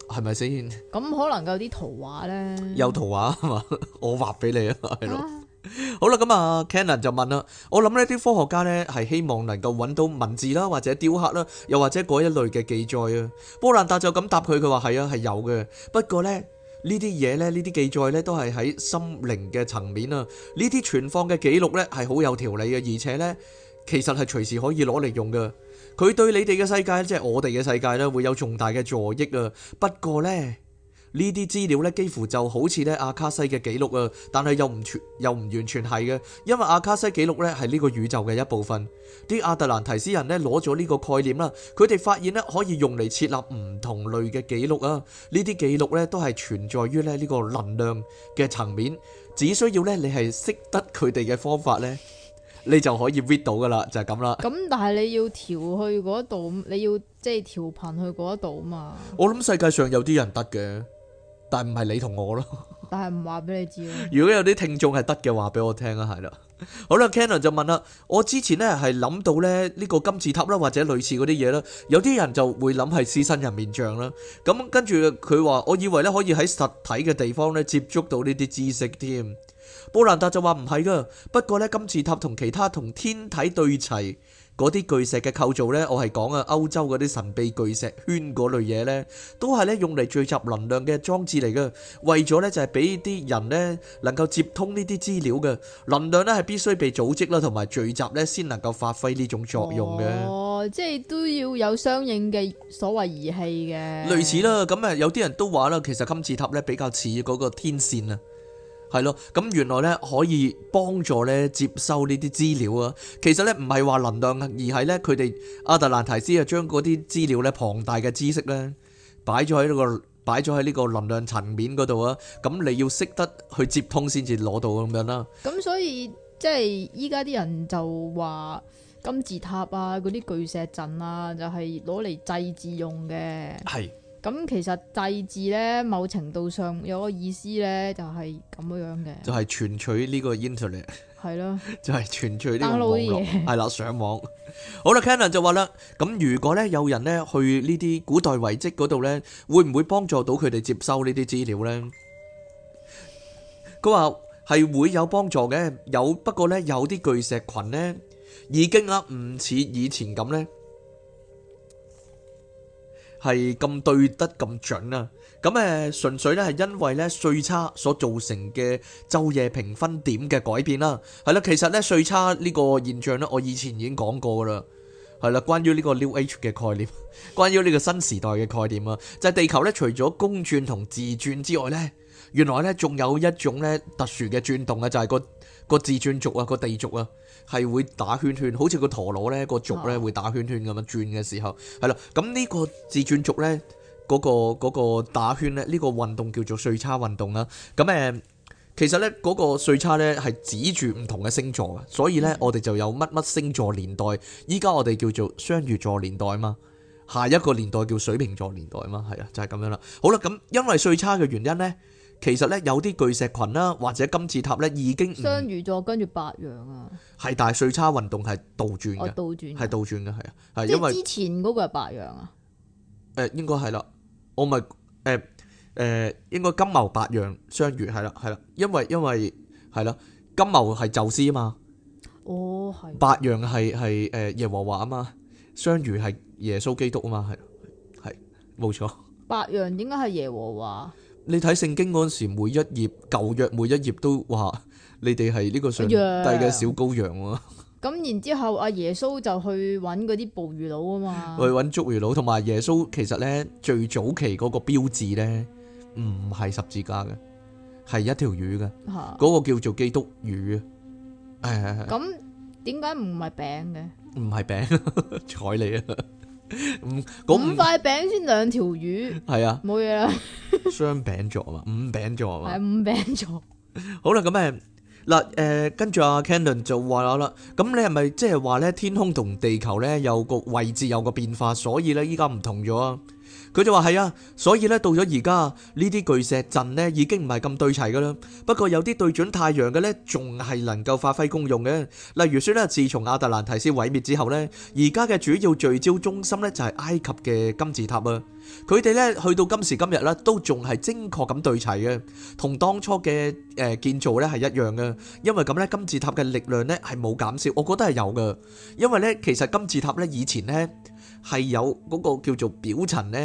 Speaker 2: 係咪先？
Speaker 1: 咁可能有啲圖畫呢？有圖
Speaker 2: 畫啊嘛， (laughs) 我畫俾你啊，係咯。 (music) 好啦，咁啊，Cannon 就問啦，我諗呢啲科學家呢，係希望能夠揾到文字啦，或者雕刻啦，又或者嗰一類嘅記載啊。波蘭達就咁答佢，佢話係啊，係有嘅，不過呢呢啲嘢呢，呢啲記載呢，都係喺心靈嘅層面啊，呢啲存放嘅記錄呢，係好有條理嘅，而且呢，其實係隨時可以攞嚟用㗎。佢對你哋嘅世界，即係我哋嘅世界呢，會有重大嘅助益啊。不過呢……」呢啲資料咧，幾乎就好似咧阿卡西嘅記錄啊，但係又唔全，又唔完全係嘅，因為阿卡西記錄咧係呢個宇宙嘅一部分。啲阿特蘭提斯人咧攞咗呢個概念啦，佢哋發現咧可以用嚟設立唔同類嘅記錄啊。呢啲記錄咧都係存在於咧呢個能量嘅層面，只需要咧你係識得佢哋嘅方法咧，你就可以 read 到噶啦，就係咁啦。咁
Speaker 1: 但係你要調去嗰一度，你要即係調頻去嗰一度嘛？
Speaker 2: 我諗世界上有啲人得嘅。但唔係你同我咯，
Speaker 1: 但係唔話俾你知
Speaker 2: 咯。如果有啲聽眾係得嘅，話俾我聽啊，係啦。好啦，Cannon 就問啦，我之前咧係諗到咧呢個金字塔啦，或者類似嗰啲嘢啦，有啲人就會諗係獅身人面像啦。咁跟住佢話，我以為咧可以喺實體嘅地方咧接觸到呢啲知識添。布蘭達就話唔係噶，不過咧金字塔同其他同天體對齊。嗰啲巨石嘅構造咧，我係講啊，歐洲嗰啲神秘巨石圈嗰類嘢咧，都係咧用嚟聚集能量嘅裝置嚟嘅，為咗咧就係俾啲人咧能夠接通呢啲資料嘅能量咧，係必須被組織啦同埋聚集咧先能夠發揮呢種作用嘅。哦，
Speaker 1: 即係都要有相應嘅所謂儀器嘅。類似
Speaker 2: 啦，咁啊有啲人都話啦，其實金字塔咧比較似嗰個天線啊。係咯，咁原來呢，可以幫助呢接收呢啲資料啊。其實呢，唔係話能量，而係呢，佢哋阿特蘭提斯啊將嗰啲資料呢，龐大嘅知識呢擺咗喺呢個擺咗喺呢個能量層面嗰度啊。咁你要識得去接通先至攞到咁樣啦。
Speaker 1: 咁所以即係依家啲人就話金字塔啊嗰啲巨石陣啊，就係攞嚟祭祀用嘅。係。咁其實祭祀咧，某程度上有個意思咧，就係咁樣嘅。就係
Speaker 2: 存取呢個 Internet。
Speaker 1: 係咯。
Speaker 2: 就係存取呢個網絡。係啦，上網。好啦，Canon 就話啦，咁如果咧有人咧去呢啲古代遺迹嗰度咧，會唔會幫助到佢哋接收呢啲資料咧？佢話係會有幫助嘅，有不過咧有啲巨石群咧已經啦唔似以前咁咧。係咁對得咁準啊！咁誒純粹咧係因為咧歲差所造成嘅晝夜平分點嘅改變啦。係啦，其實咧歲差呢個現象咧，我以前已經講過啦。係啦，關於呢個 New Age 嘅概念，關於呢個新時代嘅概念啊，就係、是、地球咧除咗公轉同自轉之外咧，原來咧仲有一種咧特殊嘅轉動啊，就係、是、個個自轉軸啊，個地軸啊。係會打圈圈，好似個陀螺，呢個軸呢會打圈圈咁樣轉嘅時候，係啦。咁呢個自轉軸呢，嗰、嗰個、嗰個打圈呢，呢、呢個運動叫做歲差運動啦。咁誒，其實呢，嗰個歲差呢係指住唔同嘅星座啊，所以呢，我哋就有乜乜星座年代。依家我哋叫做雙魚座年代啊嘛，下一個年代叫水瓶座年代啊嘛，係啊，就係、係、咁樣啦。好啦，咁因為歲差嘅原因呢。其實咧有啲巨石群啦，或者金字塔咧已經雙
Speaker 1: 魚座，跟住白羊啊，
Speaker 2: 係，但係歲差運動係倒轉嘅，係、哦、倒轉嘅，係。即係是 為之
Speaker 1: 前嗰個係白羊啊？
Speaker 2: 誒、呃，應該係啦。我咪誒誒，應該金牛白羊雙魚，係啦係啦，因為因為係啦，金牛係宙斯啊嘛。
Speaker 1: 哦，係。白
Speaker 2: 羊係係誒耶和華啊嘛，雙魚係耶穌基督啊嘛，係係冇錯。錯，
Speaker 1: 白羊應該係耶和華。
Speaker 2: 你睇聖經嗰時，每一頁舊約每一頁都話你哋係呢個上帝嘅小羔羊啊！
Speaker 1: 咁然之後阿耶穌就去揾嗰啲捕魚佬啊嘛，
Speaker 2: 去揾捉魚佬，同埋耶穌其實咧最早期嗰個標誌咧唔係十字架嘅，係一條魚嘅，嗰個叫做基督魚啊！係係係。咁
Speaker 1: 點解唔係餅嘅？
Speaker 2: 唔係餅，睬你啊！五五塊
Speaker 1: 餅先兩條魚，係啊，冇嘢啦。
Speaker 2: 雙餅座啊嘛，五餅座啊嘛，係
Speaker 1: 五餅座。
Speaker 2: 好啦，嗯，咁誒，嗱誒，跟住阿 Candon 就話啦，咁你係咪即係話咧，天空同地球咧有個位置有個變化，所以咧依家唔同咗。佢就話係啊，所以咧到咗而家呢啲巨石陣咧已經唔係咁對齊噶啦。不過有啲對準太陽嘅咧，仲係能夠發揮功用嘅。例如説咧，自從亞特蘭提斯毀滅之後咧，而家嘅主要聚焦中心咧就係埃及嘅金字塔啊。佢哋咧去到今時今日咧，都仲係精確咁對齊嘅，同當初嘅誒建造咧係一樣嘅。因為咁咧，金字塔嘅力量咧係冇減少，我覺得係有噶。因為咧，其實金字塔咧以前咧。係有嗰個叫做表層呢，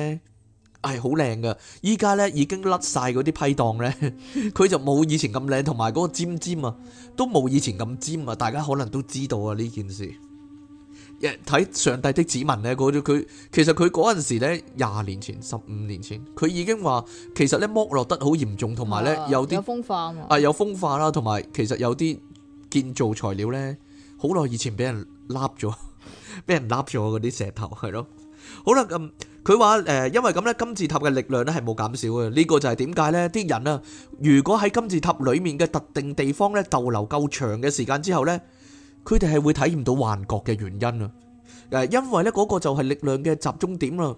Speaker 2: 係好靚噶。依家呢已經甩晒嗰啲批檔呢，佢 (laughs) 就冇以前咁靚，同埋嗰個尖尖啊，都冇以前咁尖啊。大家可能都知道啊，呢件事。睇上帝的指紋呢，嗰啲佢其實佢嗰陣時呢，廿年前、十五年前，佢已經話其實呢剝落得好嚴重，同埋呢有啲有
Speaker 1: 風化啊，
Speaker 2: 有風化啦，同埋、啊、其實有啲建造材料呢，好耐以前俾人甩咗。俾人擸住我嗰啲石頭，係咯。好啦，咁佢話誒，因為咁咧，金字塔嘅力量咧係冇減少嘅。呢個就係點解咧？啲人啊，如果喺金字塔裡面嘅特定地方咧逗留夠長嘅時間之後咧，佢哋係會體驗到幻覺嘅原因啊。誒，因為咧嗰個就係力量嘅集中點啦。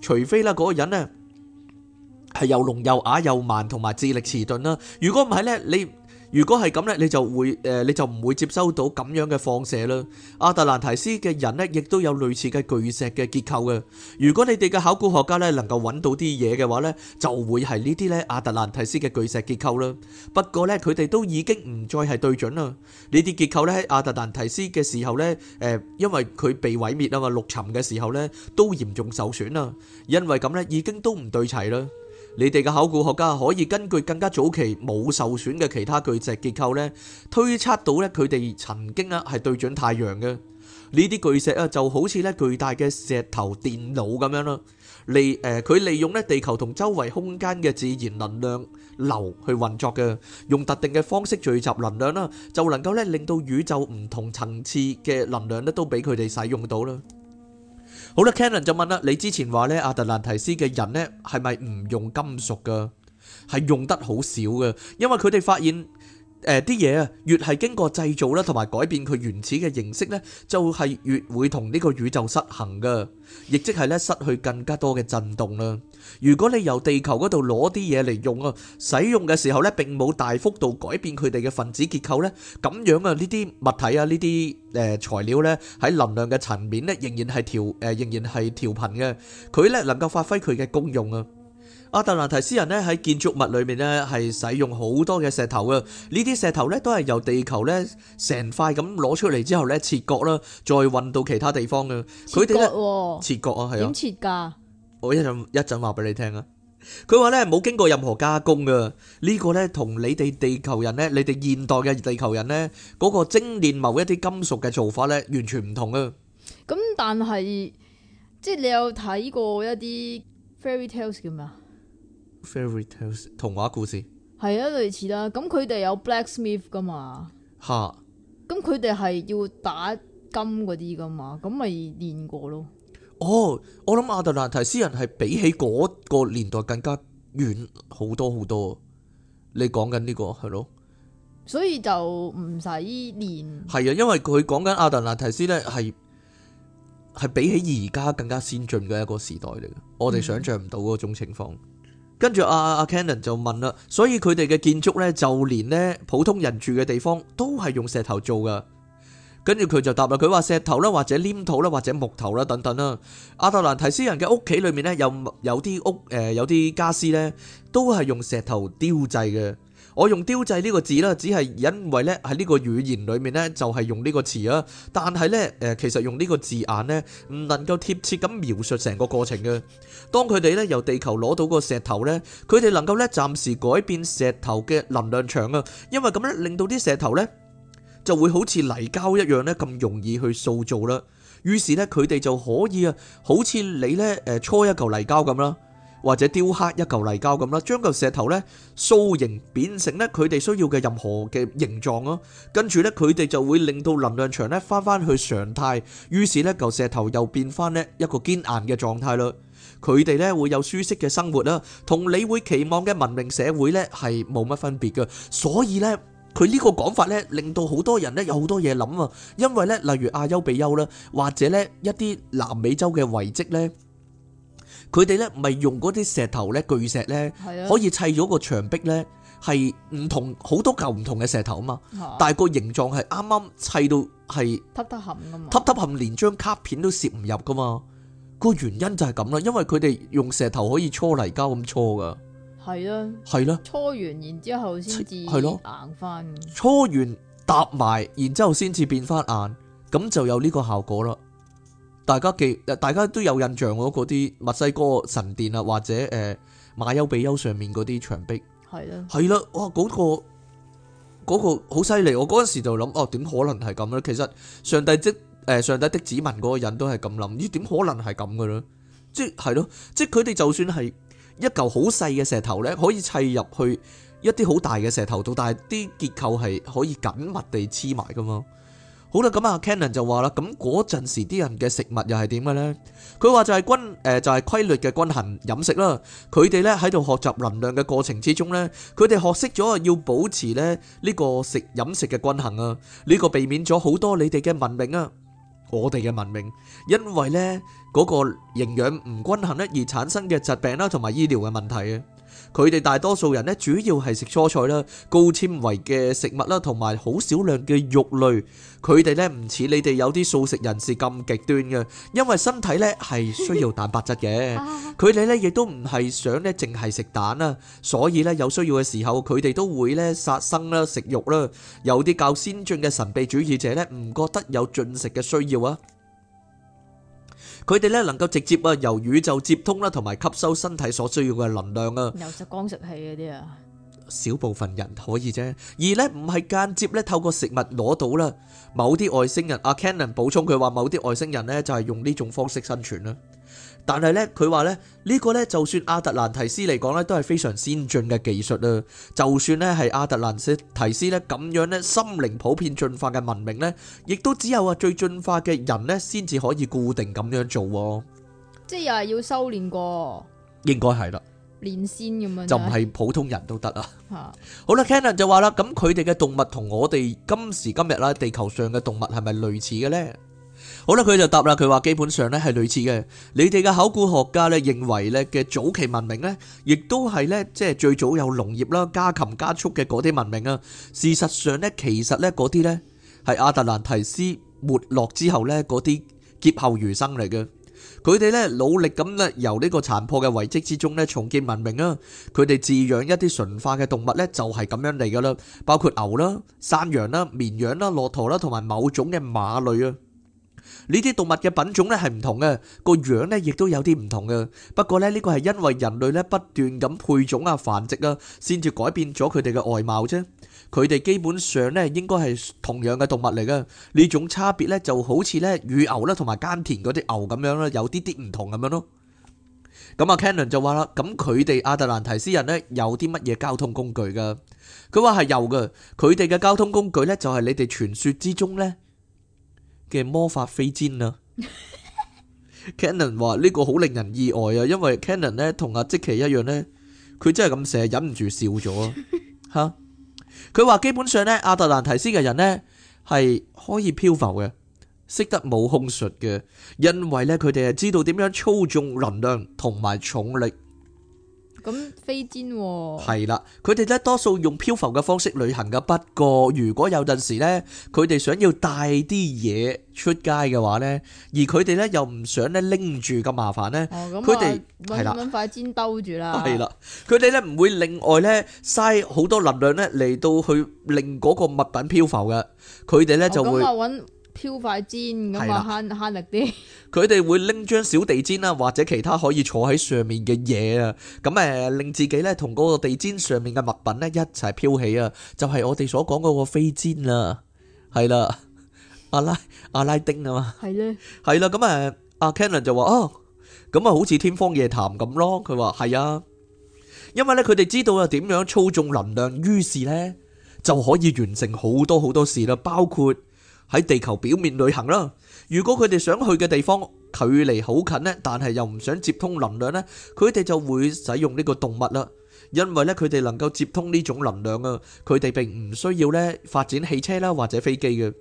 Speaker 2: 除非啦嗰個人咧係又聾又啞又慢同埋智力遲鈍啦。如果唔係咧，你。如果係咁咧，你就會誒，你就唔會接收到咁樣嘅放射啦。阿特蘭提斯嘅人咧，亦都有類似嘅巨石嘅結構嘅。如果你哋嘅考古學家咧，能夠揾到啲嘢嘅話咧，就會係呢啲咧阿特蘭提斯嘅巨石結構啦。不過咧，佢哋都已經唔再係對準啦。呢啲結構咧喺阿特蘭提斯嘅時候咧，誒，因為佢被毀滅啊嘛，陸沉嘅時候咧都嚴重受損啦。因為咁咧，已經都唔對齊啦。你哋嘅考古學家可以根據更加早期冇受損嘅其他巨石結構呢，推測到呢佢哋曾經啊係對準太陽嘅。呢啲巨石啊就好似呢巨大嘅石頭電腦咁樣啦，利誒佢利用呢地球同周圍空間嘅自然能量流去運作嘅，用特定嘅方式聚集能量啦，就能夠呢令到宇宙唔同層次嘅能量呢都俾佢哋使用到啦。好啦 Canon 就問啦，你之前話咧阿特蘭堤斯嘅人咧係咪唔用金屬噶，係用得好少噶，因為佢哋發現。誒，啲嘢啊，越係經過製造啦，同埋改變佢原始嘅形式咧，就係越會同呢個宇宙失衡噶，亦即係咧失去更加多嘅震動啦。如果你由地球嗰度攞啲嘢嚟用啊，使用嘅時候咧，並冇大幅度改變佢哋嘅分子結構咧，咁樣啊，呢啲物體啊，呢啲誒材料咧，喺能量嘅層面咧，仍然係調誒，仍然係調頻嘅，佢咧能夠發揮佢嘅功用啊。阿特蘭提斯人咧喺建築物裏面咧係使用好多嘅石頭嘅，呢啲石頭咧都係由地球咧成塊咁攞出嚟之後咧切割啦，再運到其他地方嘅。切割，切割啊，係啊。點切噶？我一陣一陣話俾你聽啊！佢話咧冇經過任何加工㗎，呢個咧同你哋地球人咧，你哋現代嘅地球人咧嗰個精煉某一啲金屬嘅做法咧完全唔同啊！
Speaker 1: 咁但係即係你有睇過一啲 fairy tales 叫咩啊？
Speaker 2: 童話故事，
Speaker 1: 係啊，類似啦。咁佢哋有 blacksmith 噶嘛？
Speaker 2: 吓哈，
Speaker 1: 咁佢哋係要打金嗰啲噶嘛？咁咪練過咯。
Speaker 2: 哦，我諗阿特蘭提斯人係比起嗰個年代更加遠好多好多。你講緊呢個係咯？
Speaker 1: 所以就唔使練。
Speaker 2: 係啊，因為佢講緊阿特蘭提斯呢係係比起而家更加先進嘅一個時代嚟嘅。我哋想象唔到嗰種情況。嗯跟住阿阿阿 Canon 就問啦，所以佢哋嘅建築呢，就連呢普通人住嘅地方都係用石頭做噶。跟住佢就答啦，佢話石頭啦，或者黏土啦，或者木頭啦等等啦。亞特蘭提斯人嘅屋企裏面呢，有有啲屋，誒有啲傢俬呢，都係用石頭雕製嘅。我用雕製呢個字啦，只係因為咧，喺呢個語言裏面咧就係用呢個詞啊。但係咧誒，其實用呢個字眼咧唔能夠貼切咁描述成個過程嘅。當佢哋咧由地球攞到個石頭咧，佢哋能夠咧暫時改變石頭嘅能量場啊，因為咁樣令到啲石頭咧就會好似泥膠一樣咧咁容易去塑造啦。於是咧佢哋就可以啊，好似你咧誒搓一嚿泥膠咁啦。或者雕刻一嚿泥膠咁啦，將嚿石頭咧塑形，變成咧佢哋需要嘅任何嘅形狀咯。跟住咧，佢哋就會令到能量場咧翻翻去常態，於是咧嚿石頭又變翻咧一個堅硬嘅狀態啦。佢哋咧會有舒適嘅生活啦，同你會期望嘅文明社會咧係冇乜分別嘅。所以咧，佢呢個講法咧令到好多人咧有好多嘢諗啊。因為咧，例如馬丘比丘啦，或者咧一啲南美洲嘅遺迹咧。佢哋咧唔係用嗰啲石頭咧，巨石咧，的可以砌咗個牆壁咧，係唔同好多嚿唔同嘅石頭啊嘛，但係個形狀係啱啱砌到係凹凹陷啊嘛，凹凹陷連張卡片都攝唔入噶嘛，個原因就係咁啦，因為佢哋用石頭可以搓泥膠咁搓噶，係啦
Speaker 1: 的，係啦的，搓完然之後先至硬翻，
Speaker 2: 搓完搭埋，然之後先至變翻硬，咁就有呢個效果啦。大家記，大家都有印象，嗰嗰啲墨西哥神殿啊，或者誒、呃、馬丘比丘上面嗰啲牆壁，係啦的，係啦，哇！嗰、嗰個好犀利，我嗰陣時就諗，哦，點可能係咁呢？其實上帝即誒、呃、上帝的子民嗰個人都係咁諗，咦、呃、點可能係咁嘅呢？即係咯，即係佢哋就算係一嚿好細嘅石頭咧，可以砌入去一啲好大嘅石頭度，但係啲結構係可以緊密地黐埋㗎嘛。好啦，咁啊，Cannon 就話啦，咁嗰陣時啲人嘅食物又係點嘅呢？佢話就係均，誒就係規律嘅均衡飲食啦。佢哋咧喺度學習能量嘅過程之中呢，佢哋學識咗要保持呢呢個食飲食嘅均衡啊。呢個避免咗好多你哋嘅文明啊，我哋嘅文明，因為呢嗰個營養唔均衡呢而產生嘅疾病啦，同埋醫療嘅問題啊。佢哋大多數人咧，主要係食蔬菜啦，高纖維嘅食物啦，同埋好少量嘅肉類。佢哋咧唔似你哋有啲素食人士咁極端嘅，因為身體咧係需要蛋白質嘅。佢哋咧亦都唔係想咧淨係食蛋啦，所以咧有需要嘅時候，佢哋都會咧殺生啦，食肉啦。有啲較先進嘅神秘主義者咧，唔覺得有進食嘅需要啊。佢哋咧能夠直接啊由宇宙接通啦，同埋吸收身體所需要嘅能量啊。有
Speaker 1: 食光食氣嗰啲啊，
Speaker 2: 少部分人可以啫。而咧唔係間接咧透過食物攞到啦。某啲外星人啊，Canon 補充佢話，某啲外星人咧就係用呢種方式生存啦。但係咧，佢話咧，這個、呢個咧，就算阿特蘭提斯嚟講咧，都係非常先進嘅技術啊！就算咧係阿特蘭提斯咧，咁樣咧，心靈普遍進化嘅文明咧，亦都只有啊最進化嘅人咧，先至可以固定咁樣做、哦。
Speaker 1: 即係又係要修練過，
Speaker 2: 應該係啦，
Speaker 1: 練先咁樣、啊、就唔係
Speaker 2: 普通人都得啦。嚇、 (laughs) 啊，好啦，Cannon 就話啦，咁佢哋嘅動物同我哋今時今日啦，地球上嘅動物係咪類似嘅咧？好啦，佢就答啦。佢話基本上咧係類似嘅。你哋嘅考古學家咧認為咧嘅早期文明咧，亦都係咧即係最早有農業啦、家禽家畜嘅嗰啲文明啊。事實上咧，其實咧嗰啲咧係亞特蘭提斯沒落之後咧嗰啲劫後餘生嚟嘅。佢哋咧努力咁咧由呢個殘破嘅遺迹之中咧重建文明啊。佢哋飼養一啲馴化嘅動物咧就係咁樣嚟噶啦，包括牛啦、山羊啦、綿羊啦、駱駝啦，同埋某種嘅馬類啊。呢啲動物嘅品種咧係唔同嘅，個樣咧亦都有啲唔同嘅。不過咧呢個係因為人類咧不斷咁配種啊繁殖啊，先至改變咗佢哋嘅外貌啫。佢哋基本上咧應該係同樣嘅動物嚟噶，呢種差別咧就好似咧乳牛啦同埋耕田嗰啲牛咁樣啦，有啲啲唔同咁樣咯。咁啊，Cannon 就話啦，咁佢哋阿特蘭堤斯人咧有啲乜嘢交通工具噶？佢話係有嘅，佢哋嘅交通工具咧就係你哋傳說之中咧。嘅魔法飛氈啊！Cannon 話呢個好令人意外啊，因為 Cannon 咧同阿即奇一樣咧，佢真係咁寫，忍唔住笑咗啊！嚇，佢話基本上咧，亞特蘭提斯嘅人咧係可以漂浮嘅，識得無空術嘅，因為咧佢哋係知道點樣操縱能量同埋重力。
Speaker 1: 咁飛氈喎，係
Speaker 2: 啦、哦，佢哋咧多數用漂浮嘅方式旅行嘅。不過，如果有陣時咧，佢哋想要帶啲嘢出街嘅話咧，而佢哋咧又唔想咧拎住咁麻煩咧，佢哋係啦，搵
Speaker 1: 塊氈兜住啦。係啦
Speaker 2: 們，佢哋咧唔會另外咧嘥好多能量咧嚟到去令嗰個物品漂浮嘅，佢哋咧就會，嗯嗯
Speaker 1: 嗯漂塊氈，咁啊，慳慳力啲。
Speaker 2: 佢哋 (laughs) 會拎張小地氈啊，或者其他可以坐喺上面嘅嘢啊，咁誒令自己呢，同嗰個地氈上面嘅物品呢，一齊漂起啊，就係、是、我哋所講嗰個飛氈啊，係啦，阿拉阿拉丁啊嘛，係咧 (laughs) 的，係啦，咁誒阿 Cannon 就話哦，咁啊好似天方夜譚咁咯，佢話係啊，因為呢，佢哋知道啊點樣操縱能量，於是呢，就可以完成好多好多事啦，包括，喺地球表面旅行啦。如果佢哋想去嘅地方距離好近呢，但係又唔想接通能量呢，佢哋就會使用呢個動物啦。因為呢，佢哋能夠接通呢種能量啊，佢哋並唔需要呢發展汽車啦或者飛機嘅。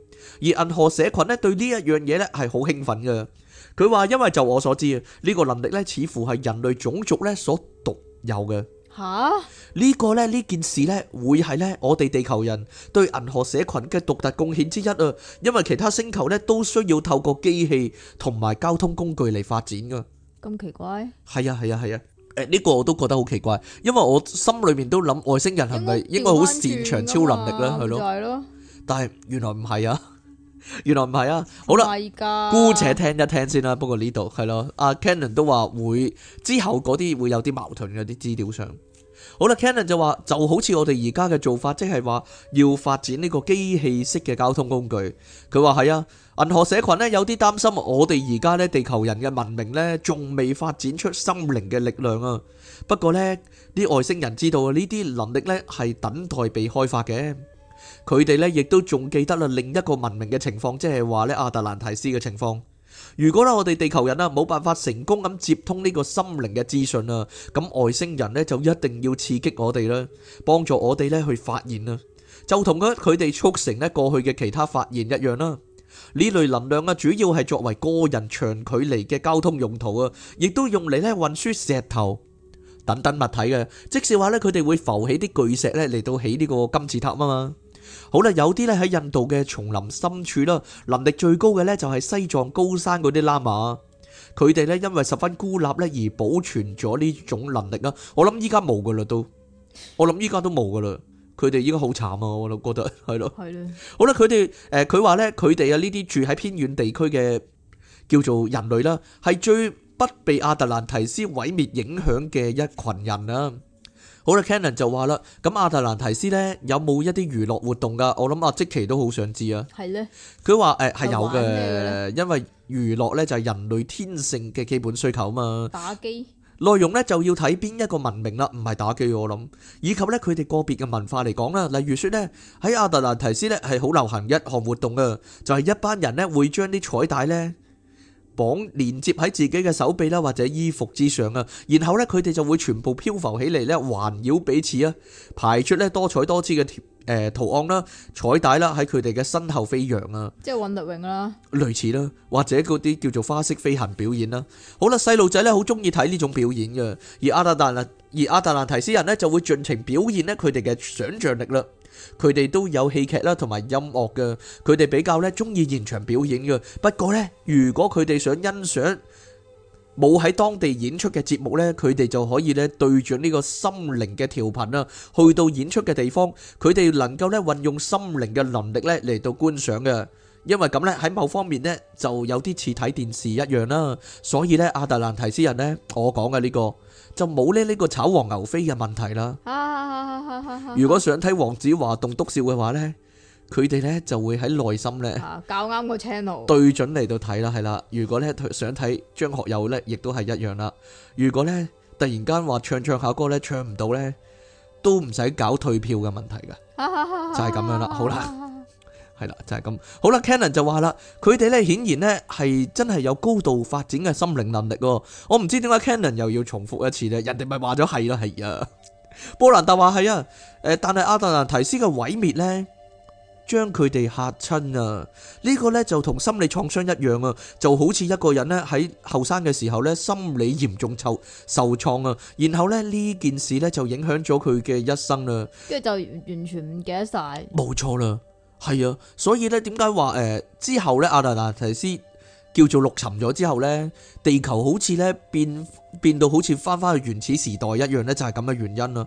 Speaker 2: 而銀河社群呢，對呢一樣嘢呢係好興奮嘅。佢話因為就我所知啊，呢個能力呢，似乎係人類種族呢所獨有嘅。
Speaker 1: 吓，
Speaker 2: 呢個咧，呢件事咧，會係咧，我哋地球人對銀河社群嘅獨特貢獻之一啊，因為其他星球咧都需要透過機器同埋交通工具嚟發展噶。
Speaker 1: 咁奇怪？
Speaker 2: 係啊係啊係啊，誒呢個我都覺得好奇怪，因為我心裏面都諗外星人係咪應該好擅長超能力咧？係咯？但係原來唔係啊。原來唔係啊，好啦，的姑且聽一聽先啦。不過呢度係咯，阿 Cannon 都話會之後嗰啲會有啲矛盾，有啲資料上。好啦，Cannon 就話就好似我哋而家嘅做法，即係話要發展呢個機器式嘅交通工具。佢話係啊，銀河社群呢，有啲擔心，我哋而家呢地球人嘅文明呢，仲未發展出心靈嘅力量啊。不過呢，啲外星人知道呢啲能力呢，係等待被開發嘅。佢哋呢亦都仲記得啦。另一個文明嘅情況，即係話呢亞特蘭提斯嘅情況。如果呢我哋地球人啊，冇辦法成功咁接通呢個心靈嘅資訊啊，咁外星人呢就一定要刺激我哋啦，幫助我哋呢去發現啊，就同佢哋促成呢過去嘅其他發現一樣啦。呢類能量啊，主要係作為個人長距離嘅交通用途啊，亦都用嚟呢運輸石頭等等物體嘅。即係話呢，佢哋會浮起啲巨石呢嚟到起呢個金字塔啊嘛。好啦，有啲咧，喺印度嘅叢林深處啦，能力最高嘅咧就係西藏高山嗰啲喇嘛，佢哋咧因為十分孤立咧而保存咗呢種能力啊。我諗依家冇噶啦都，我諗依家都冇噶啦，佢哋依家好慘啊，我都覺得係咯。係啦，的好啦，佢哋誒，佢話咧佢哋啊呢啲住喺偏遠地區嘅叫做人類啦，係最不被阿特蘭堤斯毀滅影響嘅一群人啊。好啦，Cannon 就話啦，咁亞特蘭提斯咧有冇一啲娛樂活動噶？我諗阿積奇都好想知啊。係咧，佢話誒係有嘅，因為娛樂咧就係人類天性嘅基本需求啊嘛。打機內容咧就要睇邊一個文明啦，唔係打機我諗，以及咧佢哋個別嘅文化嚟講啦，例如說咧喺亞特蘭提斯咧係好流行一項活動啊，就係一班人咧會將啲彩帶咧。綁連接喺自己嘅手臂啦，或者衣服之上啊，然後咧佢哋就會全部漂浮起嚟咧環繞彼此啊，排出咧多彩多姿嘅條誒圖案啦彩帶啦喺佢哋嘅身後飛揚啊，
Speaker 1: 即係韻律泳啦，
Speaker 2: 類似啦，或者嗰啲叫做花式飛行表演啦，好啦，細路仔咧好中意睇呢種表演嘅，而阿特大啦，而阿特蘭提斯人呢，就會盡情表現呢佢哋嘅想象力啦。佢哋都有戲劇啦，同埋音樂嘅，佢哋比較咧中意現場表演嘅。不過咧，如果佢哋想欣賞冇喺當地演出嘅節目咧，佢哋就可以咧對準呢個心靈嘅調頻啊，去到演出嘅地方，佢哋能夠咧運用心靈嘅能力咧嚟到觀賞嘅。因為咁咧喺某方面咧就有啲似睇電視一樣啦。所以咧，阿特蘭提斯人咧，我講嘅呢個。就冇呢呢個炒黃牛飛嘅問題啦。
Speaker 1: 如果
Speaker 2: 想睇黃子華棟篤笑嘅話呢，佢哋呢就會喺內心呢
Speaker 1: 搞啱個 channel，
Speaker 2: 對準嚟到睇啦，係啦。如果呢想睇張學友呢，亦都係一樣啦。如果呢突然間話唱唱下歌呢，唱唔到呢，都唔使搞退票嘅問題噶，就係、是、咁樣啦。好啦。 (laughs) 係啦，就係咁。好啦，Canon 就話啦，佢哋咧顯然呢係真係有高度發展嘅心靈能力。我唔知點解 Canon 又要重複一次咧，人哋咪話咗係咯，係啊。波蘭特話係啊，誒，但係阿特蘭提斯嘅毀滅呢，將佢哋嚇親啊。呢個呢就同心理創傷一樣啊，就好似一個人呢喺後生嘅時候呢，心理嚴重受受創啊，然後呢，呢件事呢就影響咗佢嘅一生啦。跟
Speaker 1: 住就完全唔記得晒。
Speaker 2: 冇錯啦。係啊，所以咧，點解話誒之後咧，阿特蘭堤斯叫做陸沉咗之後咧，地球好似咧變變到好似翻翻去原始時代一樣咧，就係咁嘅原因啦。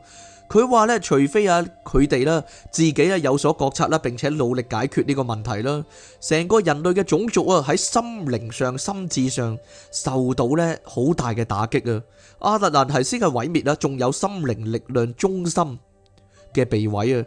Speaker 2: 佢話咧，除非啊佢哋啦自己啊有所覺察啦，並且努力解決呢個問題啦，成個人類嘅種族啊喺心靈上、心智上受到咧好大嘅打擊啊。阿特蘭堤斯嘅毀滅啦，仲有心靈力量中心嘅被毀啊。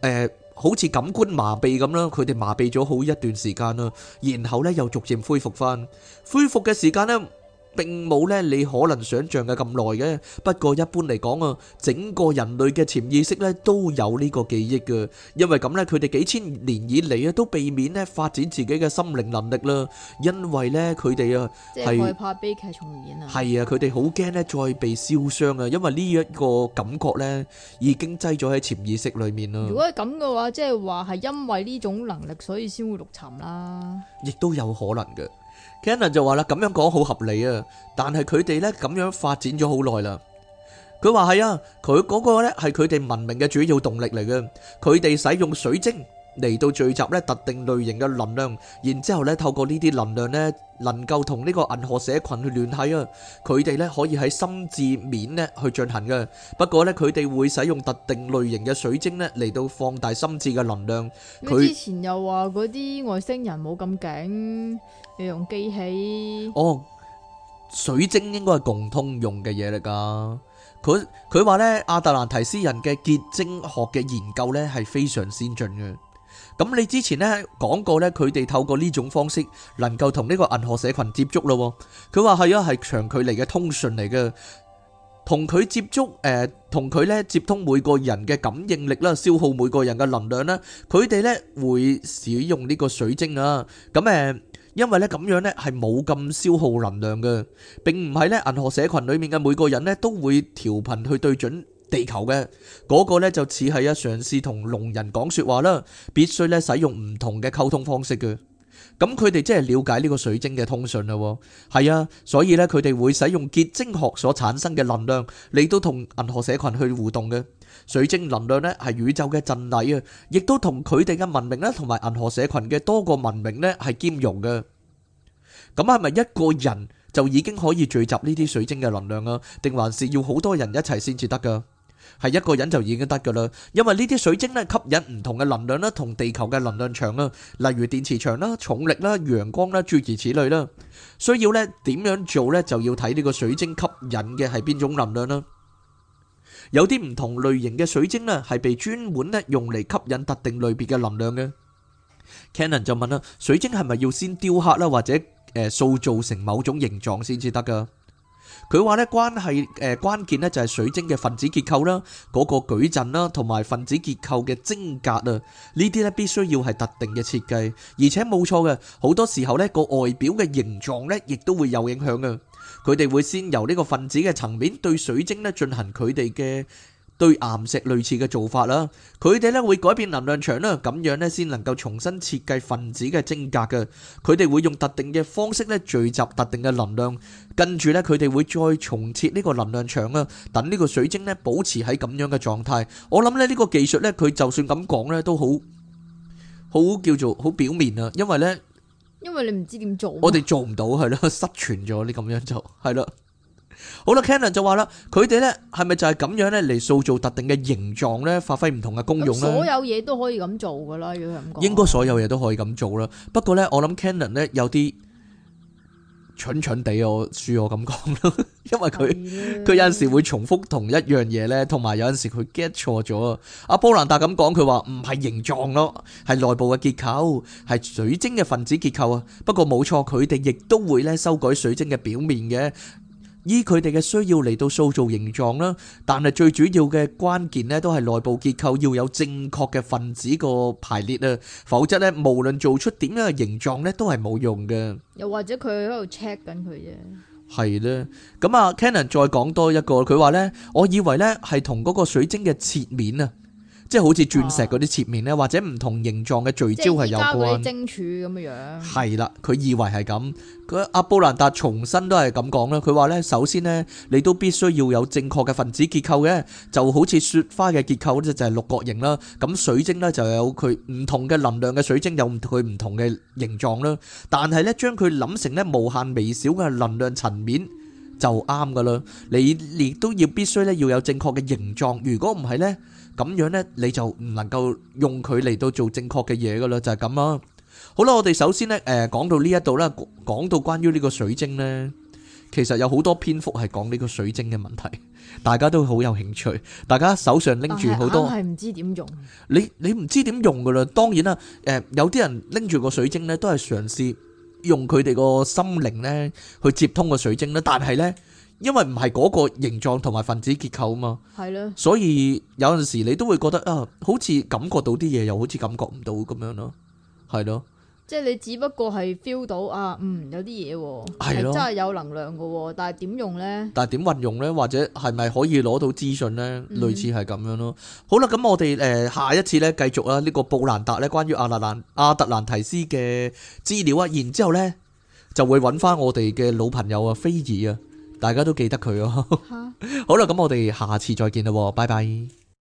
Speaker 2: 誒、呃、好似感官麻痹咁啦，佢哋麻痹咗好一段時間啦，然後咧又逐漸恢復翻，恢復嘅時間咧，並冇咧，你可能想象嘅咁耐嘅。不過一般嚟講啊，整個人類嘅潛意識咧都有呢個記憶嘅，因為咁呢，佢哋幾千年以嚟啊都避免咧發展自己嘅心靈能力啦，因為呢，佢哋啊係害怕
Speaker 1: 悲劇重演啊。係
Speaker 2: 啊，佢哋好驚咧再被燒傷啊，因為呢一個感覺呢已經擠咗喺潛意識裏面啦。如果
Speaker 1: 係咁嘅話，即係話係因為呢種能力，所以先會陸沉啦。
Speaker 2: 亦都有可能嘅。Cannon 就話啦，咁樣講好合理啊，但係佢哋咧咁樣發展咗好耐啦。佢話係啊，佢嗰個咧係佢哋文明嘅主要動力嚟嘅，佢哋使用水晶。嚟到聚集咧特定類型嘅能量，然之後咧透過呢啲能量咧能夠同呢個銀河社羣去聯繫啊！佢哋咧可以喺心智面咧去進行嘅，不過咧佢哋會使用特定類型嘅水晶咧嚟到放大心智嘅能量。佢之前
Speaker 1: 又話嗰啲外星人冇咁勁，要用機器。
Speaker 2: 哦，水晶應該係共通用嘅嘢嚟㗎。佢佢話咧，阿特蘭堤斯人嘅結晶學嘅研究咧係非常先進嘅。咁你之前咧講過咧，佢哋透過呢種方式能夠同呢個銀河社羣接觸咯。佢話係啊，係長距離嘅通訊嚟嘅，同佢接觸誒，同佢咧接通每個人嘅感應力啦，消耗每個人嘅能量啦。佢哋咧會使用呢個水晶啊。咁誒，因為咧咁樣咧係冇咁消耗能量嘅，並唔係咧銀河社羣裏面嘅每個人咧都會調頻去對準。地球嘅嗰個咧就似係一嘗試同聾人講說話啦，必須咧使用唔同嘅溝通方式嘅。咁佢哋即係了解呢個水晶嘅通訊啦，係啊，所以咧佢哋會使用結晶學所產生嘅能量，嚟，都同銀河社群去互動嘅。水晶能量咧係宇宙嘅陣禮啊，亦都同佢哋嘅文明咧同埋銀河社群嘅多個文明咧係兼容嘅。咁係咪一個人就已經可以聚集呢啲水晶嘅能量啊？定還是要好多人一齊先至得噶？係一個人就已經得噶啦，因為呢啲水晶咧吸引唔同嘅能量啦，同地球嘅能量場啊，例如電磁場啦、重力啦、陽光啦，諸如此類啦。需要咧點樣做咧，就要睇呢個水晶吸引嘅係邊種能量啦。有啲唔同類型嘅水晶咧，係被專門咧用嚟吸引特定類別嘅能量嘅。Cannon 就問啦，水晶係咪要先雕刻啦，或者誒塑造成某種形狀先至得噶？佢話咧，關係誒關鍵咧就係水晶嘅分子結構啦，嗰個矩陣啦，同埋分子結構嘅晶格啊，呢啲咧必須要係特定嘅設計，而且冇錯嘅，好多時候咧個外表嘅形狀咧，亦都會有影響嘅。佢哋會先由呢個分子嘅層面對水晶咧進行佢哋嘅。對岩石類似嘅做法啦，佢哋咧，會改變能量場啦，咁樣咧先能夠重新設計分子嘅晶格嘅。佢哋會用特定嘅方式咧，聚集特定嘅能量，跟住咧佢哋會再重設呢個能量場啊，等呢個水晶咧保持喺咁樣嘅狀態。我諗咧呢個技術咧，佢就算咁講咧都好好叫做好表面啊，因為咧，
Speaker 1: 因為你唔知點做，我哋
Speaker 2: 做唔到係咯，失傳咗，你咁樣做係咯。好啦，Canon 就話啦，佢哋咧係咪就係咁樣咧嚟塑造特定嘅形狀咧，發揮唔同嘅功用咧？所有
Speaker 1: 嘢都可以咁做噶啦，如果係咁講，應該
Speaker 2: 所有嘢都可以咁做啦。不過咧，我諗 Canon 咧有啲蠢蠢地，我恕我咁講咯，因為佢佢有陣時會重複同一樣嘢咧，同埋有陣時佢 get 錯咗。阿波蘭達咁講，佢話唔係形狀咯，係內部嘅結構，係水晶嘅分子結構啊。不過冇錯，佢哋亦都會咧修改水晶嘅表面嘅。依佢哋嘅需要嚟到塑造形狀啦，但係最主要嘅關鍵呢，都係內部結構要有正確嘅分子個排列啊，否則呢，無論做出點樣嘅形狀呢，都係冇用嘅。
Speaker 1: 又或者佢喺度 check 緊佢啫，
Speaker 2: 係啦。咁啊，Canon 再講多一個，佢話呢，我以為呢係同嗰個水晶嘅切面啊。即係好似鑽石嗰啲切面咧，或者唔同形狀嘅聚焦係有關。
Speaker 1: 係
Speaker 2: 啦，佢以為係咁。佢阿布蘭達重新都係咁講啦。佢話咧，首先咧，你都必須要有正確嘅分子結構嘅，就好似雪花嘅結構咧就係六角形啦。咁水晶咧就有佢唔同嘅能量嘅，水晶有佢唔同嘅形狀啦。但係咧，將佢諗成咧無限微小嘅能量層面就啱噶啦。你亦都要必須咧要有正確嘅形狀，如果唔係咧。咁樣咧，你就唔能夠用佢嚟到做正確嘅嘢噶啦，就係咁咯。好啦，我哋首先咧，誒，講到呢一度啦，講到關於呢個水晶咧，其實有好多篇幅係講呢個水晶嘅問題，大家都好有興趣，大家手上拎住好多，係
Speaker 1: 唔知點用。
Speaker 2: 你你唔知點用噶啦，當然啦，誒，有啲人拎住個水晶咧，都係嘗試用佢哋個心靈咧去接通個水晶咧，但係咧。因為唔係嗰個形狀同埋分子結構啊嘛，係咯，所以有陣時你都會覺得啊，好似感覺到啲嘢，又好似感覺唔到咁樣咯，係咯，
Speaker 1: 即係你只不過係 feel 到啊，嗯，有啲嘢係咯，真係有能量噶，但係點用咧？
Speaker 2: 但係點運用咧？或者係咪可以攞到資訊咧？類似係咁樣咯。好啦，咁我哋誒下一次咧，繼續啊呢個布蘭達咧，關於阿納蘭阿特蘭堤斯嘅資料啊，然之後咧就會揾返我哋嘅老朋友啊，菲爾啊。大家都記得佢咯 (laughs) 哈，好啦，咁我哋下次再見喇，喎，拜拜。